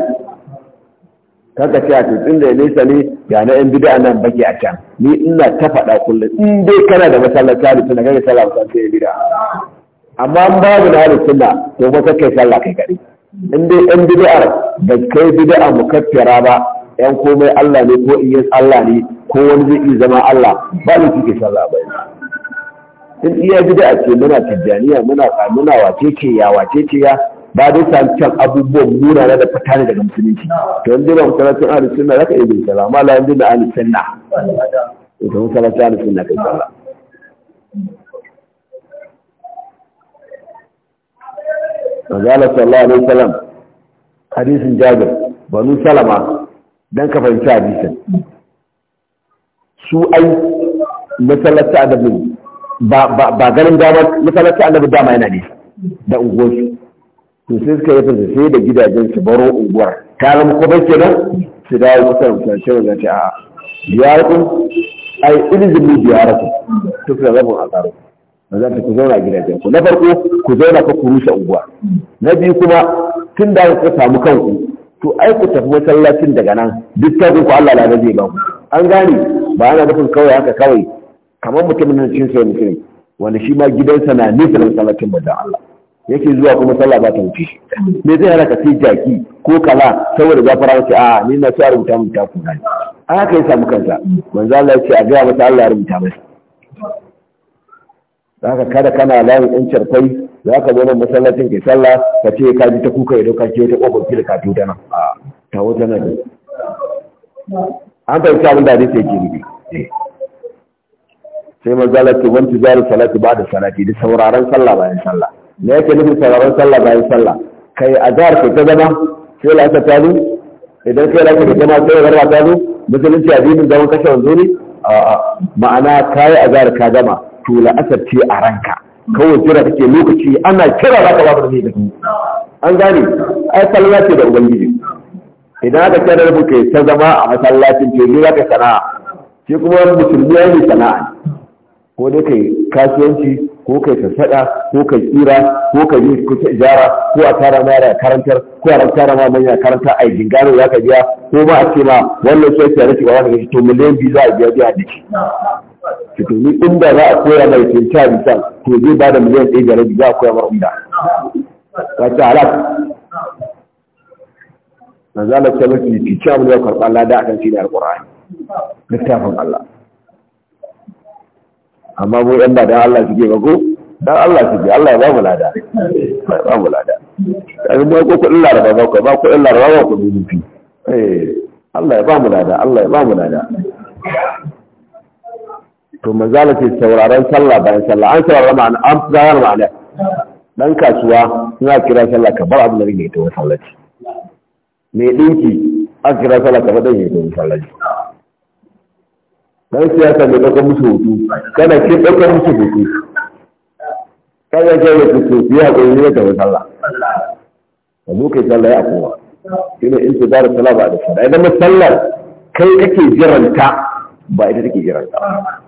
kaga ce a tutsin da ya nesa ne ya na yan bida nan baki a can ni ina ta faɗa kullum in dai kana da masallaci hadisin na kaga sallah ka sai bida amma an mu na hadisin na to ba kai sallah kai kare in dai yan bid'a ba kai bid'a mukaffira ba yan komai Allah ne ko iyyas Allah ne ko wani zai iya zama Allah ba ne kike shan labai in iya gida a ce muna tijjaniya muna muna wace ce ya wace ce ya ba dai can abubuwan muna da fita ne daga musulunci to yanzu ba musulunci ahli sunna zaka iya bin sallah amma la yanzu da ahli sunna to musulunci ahli sunna kai sallah Mazala sallallahu alaihi wasallam hadisin Jabir banu Salama dan ka fahimci hadisin su ai masallaci annabi ba ba ganin dama masallaci annabi dama yana ne da unguwarsu to sai suka yi fasa sai da gidajen su baro unguwar ta zama ke nan su dawo kusa da kusa shi zai ce a diyarku ai ilizumi diyarku to kuma zabin a tsaro ba za ta ku zauna gidajen ku na farko ku zauna ku rusa unguwa na biyu kuma tun da ku samu kanku to ai ku tafi masallacin daga nan duk ta ku Allah la zai ba an gane ba ana nufin kawai haka kawai kamar mutumin nan cin sai mutum wanda shi ma gidansa na nesa da masallacin da Allah yake zuwa kuma sallah ba ta wuce shi me zai hana sai jaki ko kala saboda fara ce a ni na so a rubuta mun ta kuma a haka ya samu kansa manzo Allah ya ce a ga masa Allah ya rubuta masa haka kada kana layin ɗan carfai. za ka zo nan masallacin ke sallah ka ce ka ji ta kuka ya dauka ce ta kofar fili ka tuta nan a ta wata nan ne. an fahimci abin da hadisi yake nufi sai manzala ke wani tijaru salati ba da salati da sauraron sallah bayan sallah me yake nufin sauraron sallah bayan sallah kai jihar ke ta zama sai la'asar ta zo idan kai la'asar ta zama sai garba ta zo musulunci addinin zaman kashe wanzu ne ma'ana kayi jihar ka gama to la'asar ce a ranka kawai jira kake lokaci ana kira za ka babu da zai an gane ai sallah ce da ubangiji idan aka kira da buke ta zama a masallacin ce ne za ka sana'a ce kuma musulmi ya yi sana'a ko dai kai kasuwanci ko kai sassaɗa ko kai tsira ko kai yi kusa ijara ko a tara ma yara karantar ko a tara ma manya karanta a yi gingano ya ka biya ko ba a ce ma wannan sai ta rike wa wani to miliyan biyu za a biya biya da shi to ni inda za a koya mai cinta misal to zai ba da miliyan ɗaya da rabi za a koya mar umda ta ce halak na zalar ta mafi cikin abin da karɓa lada a kan shi da alƙur'ani littafin Allah amma mu yan ba dan Allah suke ba ko dan Allah suke Allah ya ba mu lada ya ba mu lada kaji ba ko kuɗin laraba ba ko ba kuɗin laraba ba ko dubu eh Allah ya ba mu lada Allah ya ba mu lada to manzala ke sauraron sallah bayan sallah an sauraron ma'ana an zayar ma'ana dan kasuwa suna kira sallah ka bar abin da ne ta wani sallaci dinki an kira sallah ka bar da rage ita dan siyasa mai ɗaukar musu hutu kana ke ɗaukar musu hutu kada ke da su a yi ne da sallah ka zo kai sallah ya kowa shi ne in su da sallah ba da sallah idan sallar kai kake jiranta ba ita take jiranta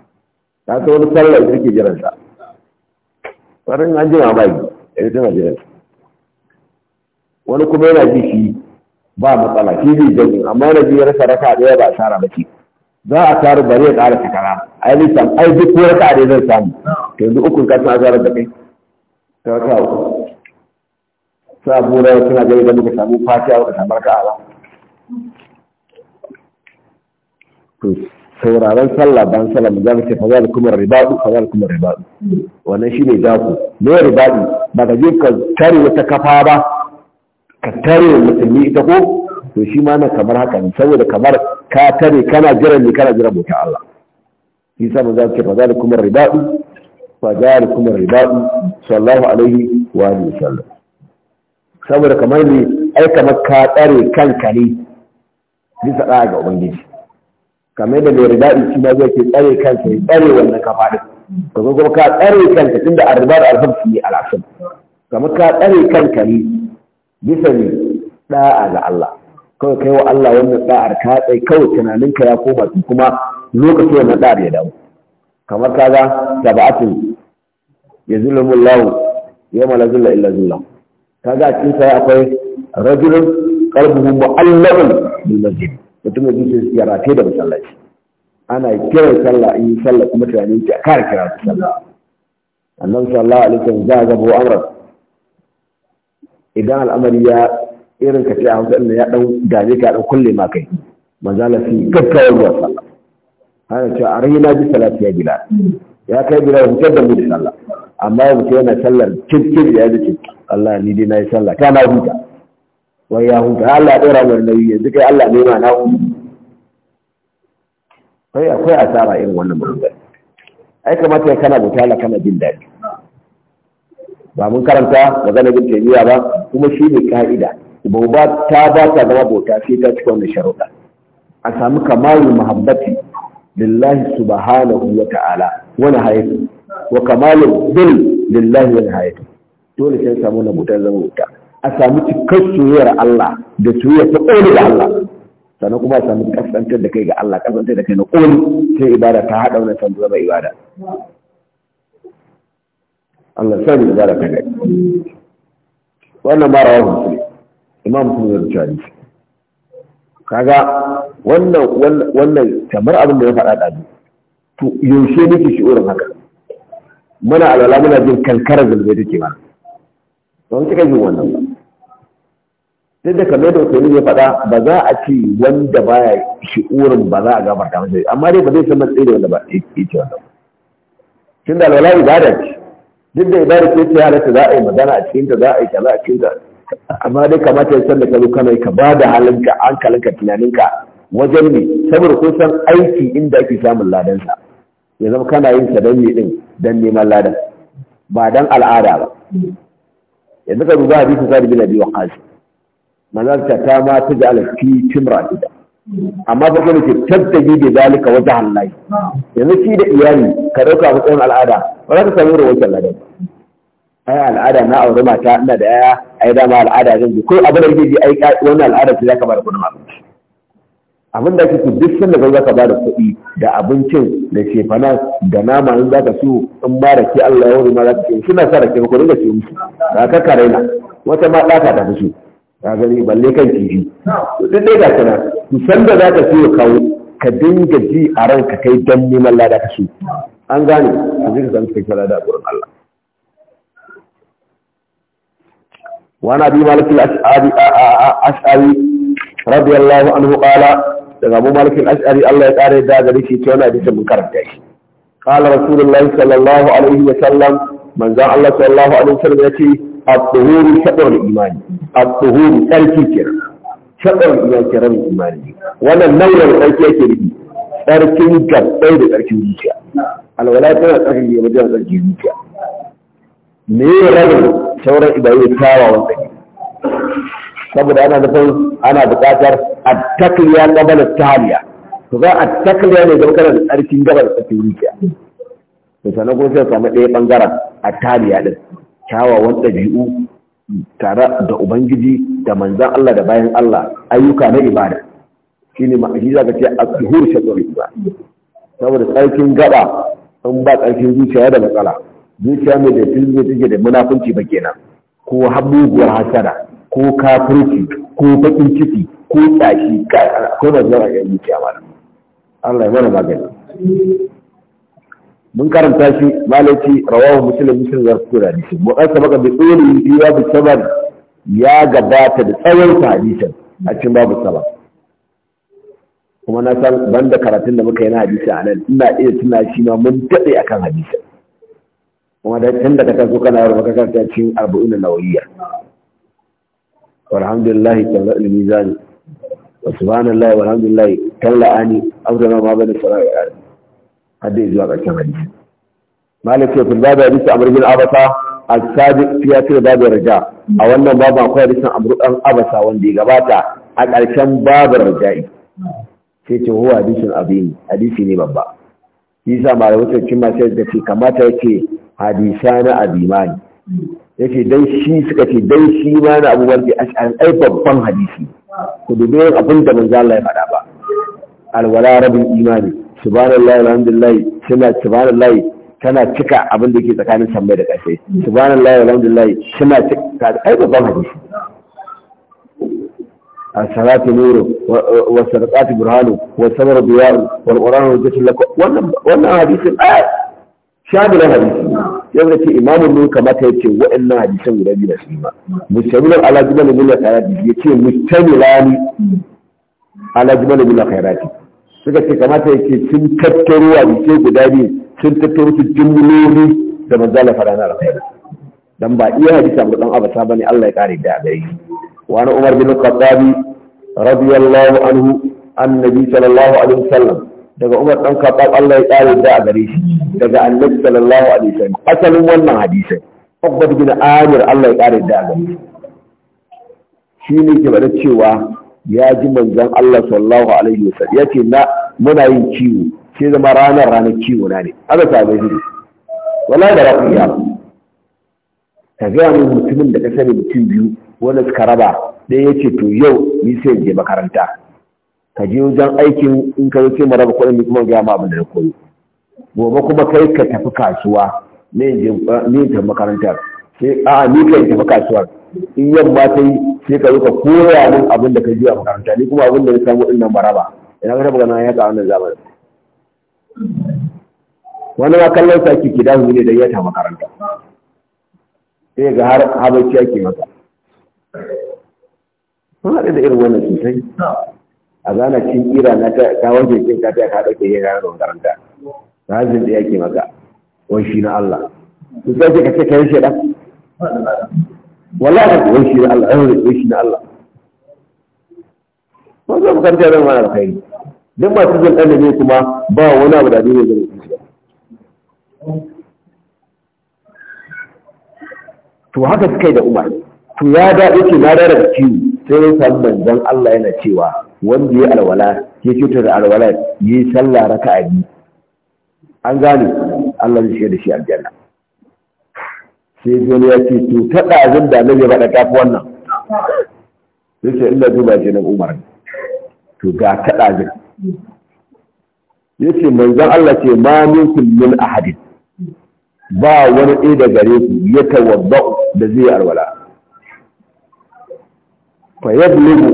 ta ta wani sallah da ke ta farin an jima ba yi ya tana jiranta wani kuma yana ji shi ba matsala shi zai jami amma yana ji ya rasa raka ɗaya ba a ba ce za a taru bari ya ƙara shekara ai yi nisan ai duk ko raka ɗaya zan samu ta yanzu ukun ka a zarar da kai ta raka uku sabuwar suna gani da muka samu fatiha muka samu raka'a ba sauraron sallah bayan sallah za ka ce fa zal kuma ribadu fa zal kuma ribadu wannan shine zaku, ne ribadu ba ka je ka tare wata kafa ba ka tare musulmi ita ko to shi ma na kamar haka ne saboda kamar ka tare kana jiran ne kana jiran bauta Allah shi sa manzo ce fa zal kuma ribadu fa zal kuma ribadu sallallahu alaihi wa alihi wasallam saboda kamar ne ai kamar ka tsare kanka ne bisa ɗaya ga ubangiji kamar da mai rida'i shi ma zai ke tsare kansa ya tsare wannan kafa din ka zo kuma ka tsare kanka tunda arriba da alhamsu ne al'asab kamar ka tsare kanka ne bisa ne da'a ga Allah kawai kai wa Allah wannan da'ar ka tsai kawai tunaninka ya koma su kuma lokacin wannan da'ar ya dawo kamar kaga sab'atun yazulumu Allah yawma la zulla illa zulla kaga a cikin sai akwai rajulun qalbuhu mu'allaqun bil masjid mutum da zuciya ya rataye da masallaci ana kiran sallah in yi sallah kuma ki a kara kira su sallah annan sallah alaikum za ga zabo amra idan al'amari ya irin ka ce a hausa ya dan dame ka dan kulle ma kai manzo fi gaggawar zuwa sallah hana cewa a na bi salati ya bila ya kai bila hutar da mu da sallah amma ya mutu yana sallar cikin da ya cikin Allah ni dai na yi sallah ta na huta wai ya huta Allah ɗora mai nauyi yanzu kai Allah ne ma na hutu akwai asara irin wannan maganganu ai kamata ya kana mutala kana jin daɗi ba mun karanta magana bin taimiyya ba kuma shi ne ka'ida ba ta ba ta zama bauta sai ta cika wannan sharuɗa a samu kamalu muhabbati lillahi subhanahu wa ta'ala wani haihu. wa kamalu bil lillahi wani haihu. dole sai samu na mutan zama bauta a sami cikar soyayyar Allah da soyayya ta ƙoli da Allah sannan kuma a sami kasantar da kai ga Allah kasantar da kai na ƙoli sai ibada ta haɗa wani sandu zama ibada Allah sani ibada ta gari wannan ba rawar musulmi imam musulmi zai rucewa ne kaga wannan wannan kamar abin da ya faɗa ɗazu to yaushe nake shi'urin haka muna alwala muna jin kankara zalzai take ba don kika yi wannan ba duk da kamar da wasu ya faɗa ba za a ce wanda ba ya shi'urin ba za a gafarta masa amma dai ba zai san matsayi da wanda ba ya ce wanda ba tun da alwala ibada ce duk da ibada ce ce halatta za a yi magana a cikinta za a yi kaza a cikinta amma dai kamata ya san da kalu kana ka ba da halinka hankalinka tunaninka wajen ne saboda kun san aiki inda ake samun ladansa ya zama kana yin sa don din don neman ladan ba don al'ada ba yanzu ka duba hadisin sa'ad bin abi waqqas manzanta ta ma ta ji fi timra gida amma ba kuma ke tattabi da zalika wajen hannayi yanzu shi da iyali ka dauka matsayin al'ada ba za ka samu wurin wancan ladan ai al'ada na aure mata ina da ɗaya ai dama al'ada zan ji ko abin da yake ji ai wannan al'ada ta zaka ka bada kudin abinci abin da kake duk sanda zan zaka bada kuɗi da abincin da shefana da nama in zaka so in ba da ke Allah ya wuri ma zaka ce suna sa da ke ku dinga ce musu ka ka raina wata ma ɗaka ta fi so ka gani balle kan tv duk dai ga kana san da zaka siyo kawo ka dinga ji a ranka kai dan neman lada ka so an gane ka ji ka san kai kala da gurin Allah وعن ابي مالك الاشعري اشعري رضي الله عنه قال daga abu malik al-ash'ari Allah ya kare da gari shi cewa da shi mun karanta shi qala rasulullahi sallallahu alaihi wa sallam manzon Allah sallallahu alaihi wa sallam ce. at-tuhuri shaɗar imani at-tuhuri tsarki kenan shaɗar imani mai imani wannan nauyin tsarki yake nufi tsarkin gabbai da tsarkin zuciya alwala tana tsarkin gaba da tsarkin zuciya me ya rage sauran ibayi wanda ne saboda ana nufin ana buƙatar a takliya ta tahliya to za a takliya ne zama kana da tsarkin gaba da tsarkin zuciya to sannan kuma sai samu ɗaya ɓangaren a taliya ɗin kyawawan ɗabi'u tare da ubangiji da manzan Allah da bayan Allah ayyuka na ibada shi ne ma'aji za ka ce a zuhur shaɗar ba saboda tsarkin gaba in ba tsarkin zuciya da matsala zuciya mai da tilbe take da munafunci ba kenan ko habubuwar hasara ko kafirci ko baƙin ciki ko tsaki ko na zama a zuciya mara Allah ya mana magani mun karanta shi malaci rawahu muslim muslim za su tura da shi mu kasa maka bi tsuri bi babu sabab ya gabata da tsawon hadisin a cikin babu sabab kuma na san banda karatun da muka yi na hadisi a nan ina iya tuna shi ma mun daɗe akan hadisi kuma da tun da ka taso kana yaro maka karanta cikin arba'in nawawiyya alhamdulillah tawla ilmi mizan wa subhanallahi walhamdulillah kallani ani ma bada salatu har dai zuwa ƙarshen hadisi malik ya kulba da hadisi a bin abasa a al-sadiq ya cire babu raja a wannan babu akwai hadisin amr dan abasa wanda ya gabata a ƙarshen babu raja'i sai ce huwa hadisin abin hadisi ne babba yasa malamai sai cin masu da ce kamata ya ce, hadisa na abimani yake dai shi suka ce dai shi ma na abubuwan da ash'an ai babban hadisi ku dubi abin da manzo Allah ya faɗa ba alwala rabin imani tana cika abin da ke tsakanin sammai da ƙarshe cika asalatu nuru wa sarqati burhanu wa samaru biyaru wal qur'anu yajtul lak wannan wannan hadisin ah shahadu lana hadisi yanda ce imamu mun kamata yace wa'annan hadisin guda biyu da su ba musabbin ala jibal bil Ya ce mustamilani ala jibal bil khairati suka ce kamata yake sun tattaro hadisai guda biyu sun tattaro su jimloli da manzala farana rafaida dan ba iya hadisa mu dan abasa bane Allah ya kare da gare wa na Umar bin Khattab radiyallahu anhu annabi sallallahu alaihi wasallam daga Umar dan Khattab Allah ya kare da gare shi daga annabi sallallahu alaihi wasallam asalin wannan hadisi Uqbah bin Amir Allah ya kare da gare shi ne ke bada cewa ya ji manzon Allah sallallahu alaihi wasallam yace na muna yin ciwo sai zama ranar ranar ciwo na ne aka samu shi wallahi da rafi ya Ta ga mu mutumin da ka sani mutum biyu wanda suka raba ɗaya yace to yau ni sai je makaranta ka je wajen aikin in ka ce mu raba kuɗin kuma ga ma abin da na koyo gobe kuma kai ka tafi kasuwa ne je ne ta makarantar sai a ni kai tafi kasuwar in yamma ta yi sai ka zo ka koya min abin da ka ji a makaranta ni kuma abin da ya samu din nan baraba ina ka taba na ya ka wannan zamanin wani ma kallon sa ki kida ne da yata makaranta sai ga har habaici yake maka kuma haɗu da irin wannan sosai a zana cin kira na ta wajen cin ka ta haɗa ke yin ranar makaranta na da yake maka wani shi na Allah. sai ka ce ka yi da wala ka kuwa shi na Allah an rufe shi na Allah ko zai makaranta zan mana alkhairi dan ba su jin zan annabi kuma ba wani abu da dole zai yi to haka suka yi da Umar to ya da yake na da daga ciwo sai ya samu manzon Allah yana cewa wanda ya alwala ya cuta da alwala yi sallah raka'a biyu an gane Allah zai shiga da shi aljanna sai zuwa ya ce to ta ɗazin da annabi ya faɗa kafi wannan sai ce illa duba ce nan umar to ga ta ɗazin ya ce manzan Allah ce ma minkum min ahadin ba wani ɗaya da gare ku ya tawadda da zai alwala fa yablugu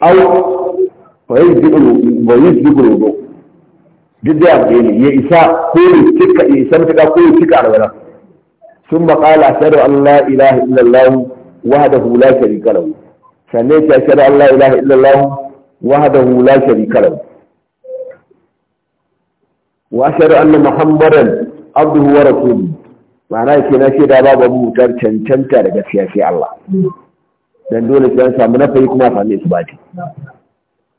aw fa yajdibu wa yajdibu duk da yamma ne ya isa ko ya cika ya isa mutuka ko ya cika alwala sun maƙala ashadu an la ilaha illallah wahdahu hula sharika lahu sannan ya ashadu Allah la ilaha illallah wahdahu hula sharika lahu wa ashadu anna muhammadan abduhu wa rasuluhu ma'ana yake na shaida babu wutar cancanta da gaskiya sai Allah dan dole sai an samu nafayi kuma same su bati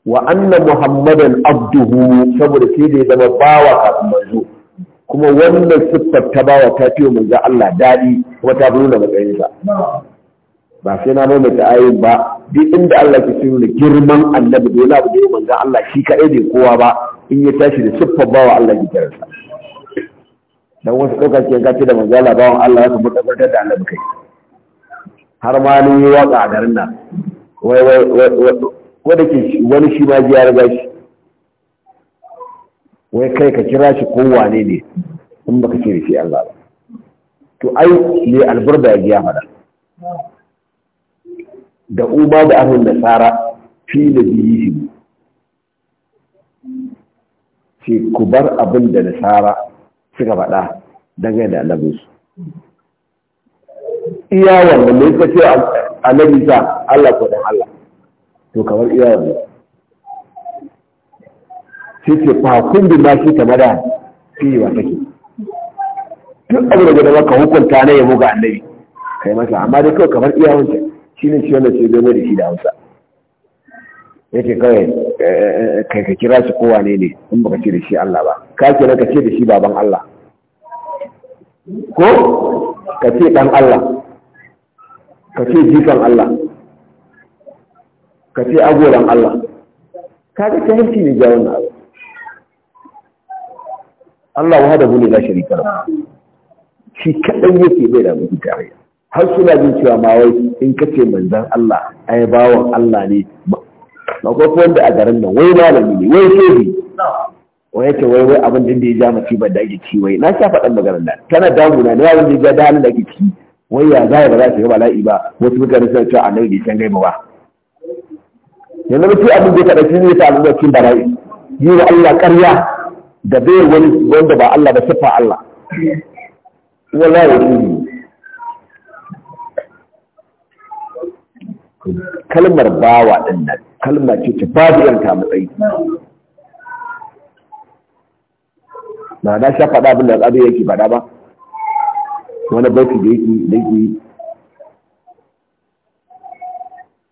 wa anna muhammadan abduhu saboda sai da ya zama bawa kafin manzo kuma wannan siffar ta bawa ta fiye manzo Allah daɗi kuma ta fi nuna matsayinsa ba sai na maimaita ayin ba duk inda Allah ke sun nuna girman annabi da wani abu da ya manzo Allah shi kaɗai ne kowa ba in ya tashi da siffar bawa Allah ke kiransa dan wasu ɗaukar ke gace da manzo Allah bawan Allah ya kuma tabbatar da annabi kai har ma ni waka a garin nan wai wai ko da ke wani shi ma ya riga shi wai kai ka kira shi ko wane ne in baka ce shi Allah ba to ai ne albarda ya giya mana da uba da ahun nasara fi da biyi ce ku bar abin da nasara suka faɗa dangane da su iya wannan ne ka ce annabi sa Allah ko dan Allah to kamar iya ne sai ce fakun bin baki ta mada fiye wa take duk abu da gaba ka hukunta na yabo ga annabi kai masa amma dai kawai kamar iya wancan shi ne shi wanda ce game da shi da hausa yake kawai eh, eh, eh, kai ka kira shi kowa ne ne in baka ce da shi Allah ba ka ke ka ce da shi baban Allah ko ka ce dan Allah ka ce jikan Allah ka ce agoran Allah kaga jahilci ne ja Allah. abu Allah wahdahu la sharika lahu shi kaɗai yake bai da mutum tare har suna jin cewa ma wai in ka ce manzan Allah ai bawon Allah ne akwai wanda a garin nan wai malami ne wai shehi wai ce wai wai abin da ya ja mace ban da ake ci wai na sha faɗan maganar nan tana damuna ne abin da ya ja da halin da ake ci wai ya za ba za ta yi bala'i ba wasu mutane suna cewa annabi ya san gaiba ba yanzu mutum abin da ya kaɗa shi ne ta al'umma cikin bala'i yi wa Allah ƙarya da bai wani wanda ba Allah ba siffa Allah wallahi ya ne. kalmar bawa ɗin nan kalmar ce ta babu ta matsayi ba na sha faɗa abin da tsabi yake faɗa ba wani baiti da yake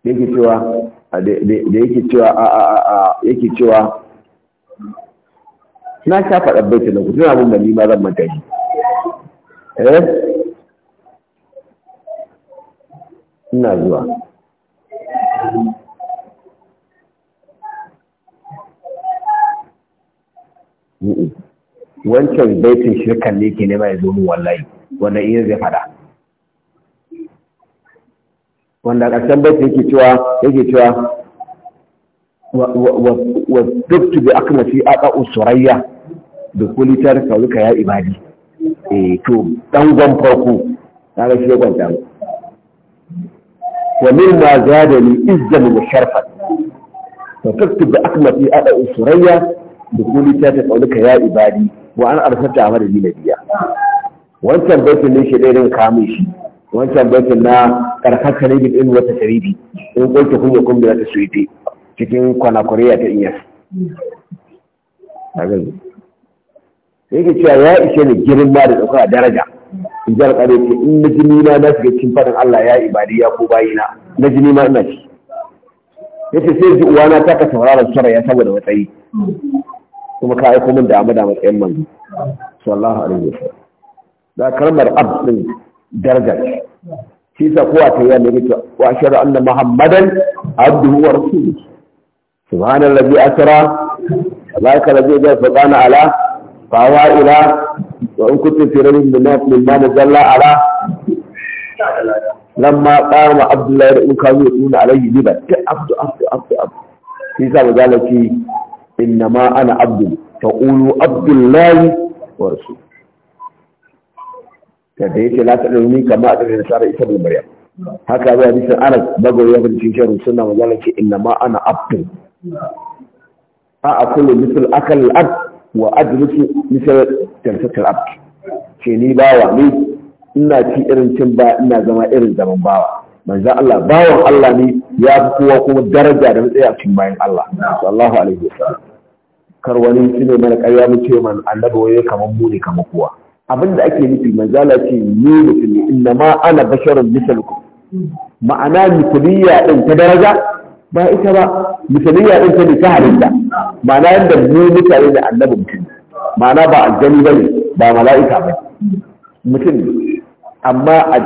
da yake cewa da yake cewa a a a yake cewa na sha faɗa baiti na kudu abin da nima zan manta shi eh ina zuwa wancan baitin shirkan ne ke nema ya zo mu wallahi wannan iya zai faɗa wanda ƙarshen baiti yake cewa yake cewa wa duktu aka mafi aka usurayya da kulitar sauka ya ibadi E, to dan gwan farko ta shi ya kwanta ni mimma zadani izzan wa sharfan fa duktu bi akmati aka usurayya da kulitar sauka ya ibadi wa an arsalta amara biya. wancan bai ne shi ɗaya ran kamun shi wancan baitin na karhaka ne bil wata tashribi in kuntu kun yakun bi ta suwite cikin kwanakuriya ta a gani sai ke cewa ya ishe ni ma da a daraja in jar ƙare ce in na jini na na shiga cikin fadin Allah ya ibadi ya ko bayina na jini ma ina ci yace sai ji uwana ta ka shara ya saboda matsayi kuma ka aiko min da da matsayin manzo sallallahu alaihi wasallam da kalmar abdin daraja ce shi sa kowa ta yi annabi ta wa ashhadu anna muhammadan abduhu wa rasuluhu subhanallazi asra tabaraka allazi bi fadana ala fawa ila wa in kuntum fi rabbin min nas min ma nazalla ala lamma qama abdullahi da in kawo yuna alayhi liba ta abdu abdu abdu abdu shi sa mazalaci innama ana abdu ta: taqulu abdullahi wa rasuluhu kada yake la ta dalmi kama a da nasara ita bin maryam haka zai hadisin anas bagoya da cikin sharu suna magana ce inna ma ana abdu a akulu misal akal al wa ajlisu misal jamsat abd ce ni bawa ni ina ci irin cin ba ina zama irin zaman bawa manzo Allah bawan Allah ne ya fi kowa kuma daraja da matsayi a cikin bayan Allah sallallahu alaihi wasallam kar wani shine mana ƙarya mu ce man annabi waye kaman mu ne kaman kowa abinda ake nufi manzala ce ni mutum ne inna ma ana basharun misalku ma'ana misaliya din ta daraja ba ita ba misaliya din ta ne ta halitta ma'ana yadda mu mutane da annabi mutum ma'ana ba aljani ba ne ba mala'ika ba mutum amma a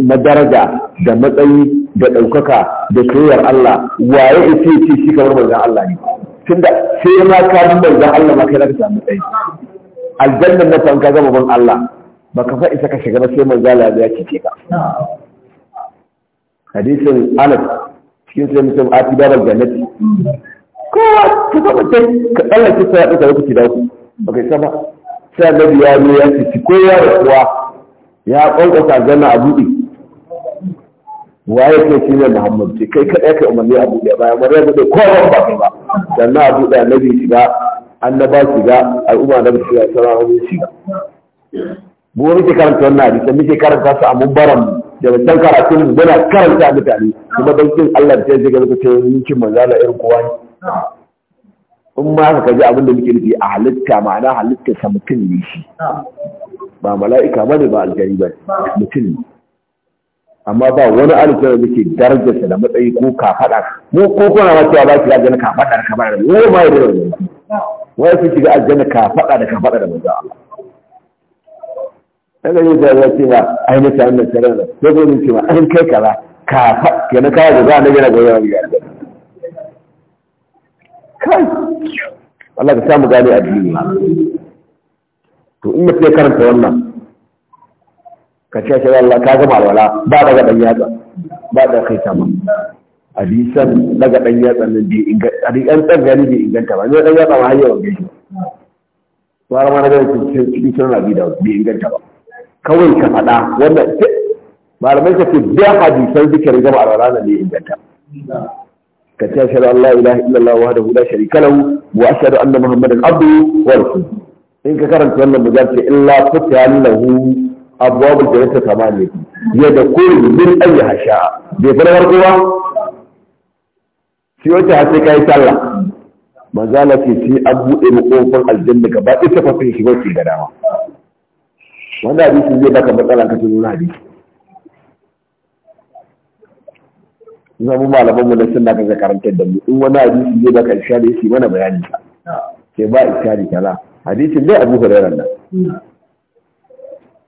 madaraja da matsayi da ɗaukaka da soyayyar Allah waye ita ce shi kamar manzan Allah ne tunda sai ma ka bi manzan Allah ma kai za ka samu tsayi aljannan na fanka zama ban Allah ba ka fa isa ka shiga ba sai manzala ya cike ka hadisin anas cikin sai mutum a ti babar jannati kowa ta zama sai ka tsallake sai sa ɗauka lokaci da ku ba kai ba sai annabi ya zo ya ci kowa da kowa ya ƙwanƙwasa zanna a buɗe waye ke shi ne muhammad ce kai kaɗai kai umarni a buɗe ba ya mara ya buɗe kowa ba kai ba Sannan a buɗe annabi shiga An annaba shiga al'umma da mutu ya tsara wani shi mu muke karanta wannan hadisi muke karanta su a mumbaran da wancan karatun mu muna karanta mutane kuma dan kin Allah da ya ga ku ce yankin manzala irin kowa ne in ma ka ji abin da muke nufi a halitta ma'ana halitta sa mutum ne shi ba mala'ika bane ba aljani bane mutum ne amma ba wani alisar da ke darajarsa da matsayi ko kafaɗa mu ko kuna ma cewa ba ki ga aljanna kafaɗa da kafaɗa da mu ma yadda da Wani wai sun shiga aljanna kafaɗa da kafaɗa da manzo Allah daga yin da ya ce ba ai ne tsarin da tsarin da sai gobe ce ma an kai kaza kafa kenan kawai da za a nage gina gobe ma biya kai Allah ka samu gane addini to in mutum ya karanta wannan ka ce shi Allah ka gama alwala ba daga dan yatsa ba da kai ta ba hadisan daga dan yatsa nan bi inganta hadisan tsagani bi inganta ba ne dan yatsa ma hayyawa ga shi ba ma na ga cikin sunan abi da bi inganta ba kawai ka faɗa wanda malamai ka ce biya hadisan zikirin gama alwala nan bi inganta ka ce shi Allah ilaha illallah wahdahu la sharika lahu wa ashhadu anna muhammadan abduhu wa rasuluhu in ka karanta wannan mu za illa futiya lahu ne ya da kuri min ayi hasha. bai fara farko ba shi wata sai kai sallah manzo Allah ce shi an buɗe mu kofar aljanna gaba ɗaya ta fasin shi wace ga dama wanda shi zai baka matsala ka tuno hadisi zamu malaman mu na sunna ka ga karantar da mu in wani shi zai baka ishari shi mana bayani sai ba ishari kala hadisin dai Abu Hurairah nan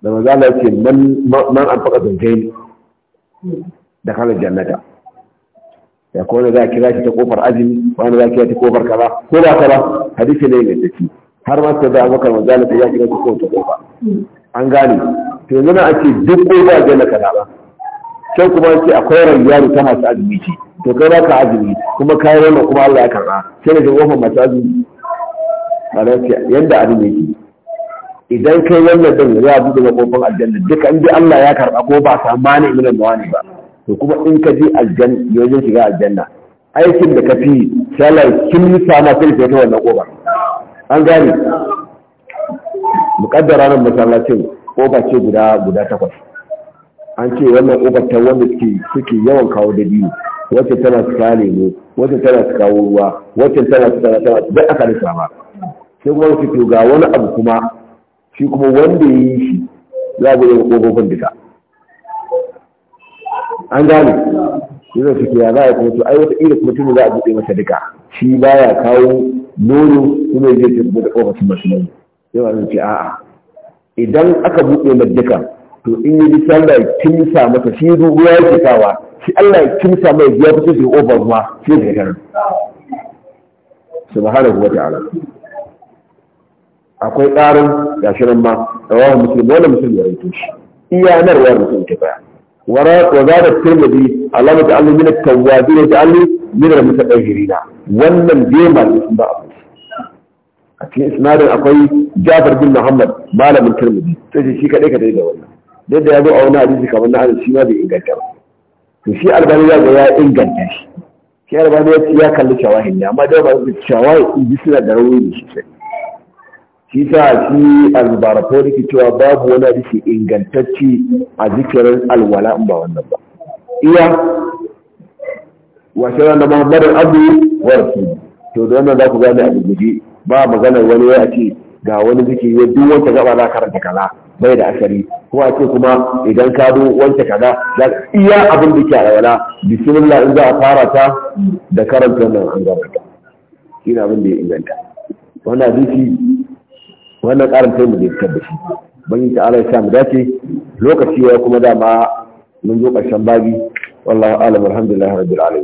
da maza Allah ce man an faka zanjain da kana jannata ya ko da za kira shi ta kofar azumi wani za a kira ta kofar kaza ko ba kaza hadisi ne mai tafi har ma sai da abubakar manzo Allah ya kira ta kofar kofa an gane to yanzu na ce duk ko ba na kaza ba sai kuma ce akwai yaro ta masu azumi ce to kai ba ka azumi kuma kayan yi wannan kuma Allah ya karɓa sai da jin kofar masu azumi ce yadda abin yake idan kai wannan din za a buɗe makofin aljanna duka in Allah ya karɓa ko ba sa mani ibn al-mawani ba to kuma in ka je aljanna wajen shiga aljanna aikin da ka fi shalai kin yi sama sai ka ta wannan kofar an gane muqaddara nan masallacin kofa ce guda guda takwas an ce wannan kofar ta wanda suke suke yawan kawo da biyu wacce tana su kawo lemu wacce tana su kawo ruwa wacce tana su tana tana duk aka ba. sai kuma su ga wani abu kuma shi kuma wanda ya yi shi za a gudun ƙofofin duka an gane Yana suke ya za a kuma to ai wata ila kuma tuni za a buɗe masa duka shi ba ya kawo nono kuma zai ta buɗe ƙofofin masu nono sai wani ce a'a idan aka buɗe masa duka to in yi bisa Allah ya kimsa masa shi ruwa ke sawa shi Allah ya kimsa mai ya fito shi ƙofar ruwa sai ya kai subhanahu wa ta'ala akwai ƙarin gashirin ma rawahu muslim wala muslim ya rawaito shi iyanar wa mutum ta baya wara wa zada tirmidhi alama ta alli min at-tawwabin ta alli min al-mutatahhirina wannan bai ma sun ba a abu a cikin isnadin akwai Jabir bin Muhammad malamin tirmidhi sai shi kadai kadai da wannan Duk da ya zo a wani hadisi kamar na hadisi ma bai inganta ba to shi albani ya ga ya inganta shi shi albani ya ce ya kalli shawahin ne amma da ba su shawahin in ji suna da rauni sosai shi ta shi albarafo da cewa babu wani ke ingantacci a zikirin alwala in ba wannan ba iya yana da muhammadin abu wa to da wannan za ku gane a guje ba maganar wani ya ce ga wani zikiri ya duk wanda gaba za karanta kaza bai da asali ko a ce kuma idan ka zo wanda kaza za iya abin da ke a alwala bismillah in za a fara ta da karanta nan an gaba ta shi abin da ya inganta wannan hadisi wannan ƙarin sai mu jirkar da shi bangi ta ala ya mu dace lokaci ya kuma dama mun zo ƙarshen babi wallahu alam alhamdulillah rabbil alamin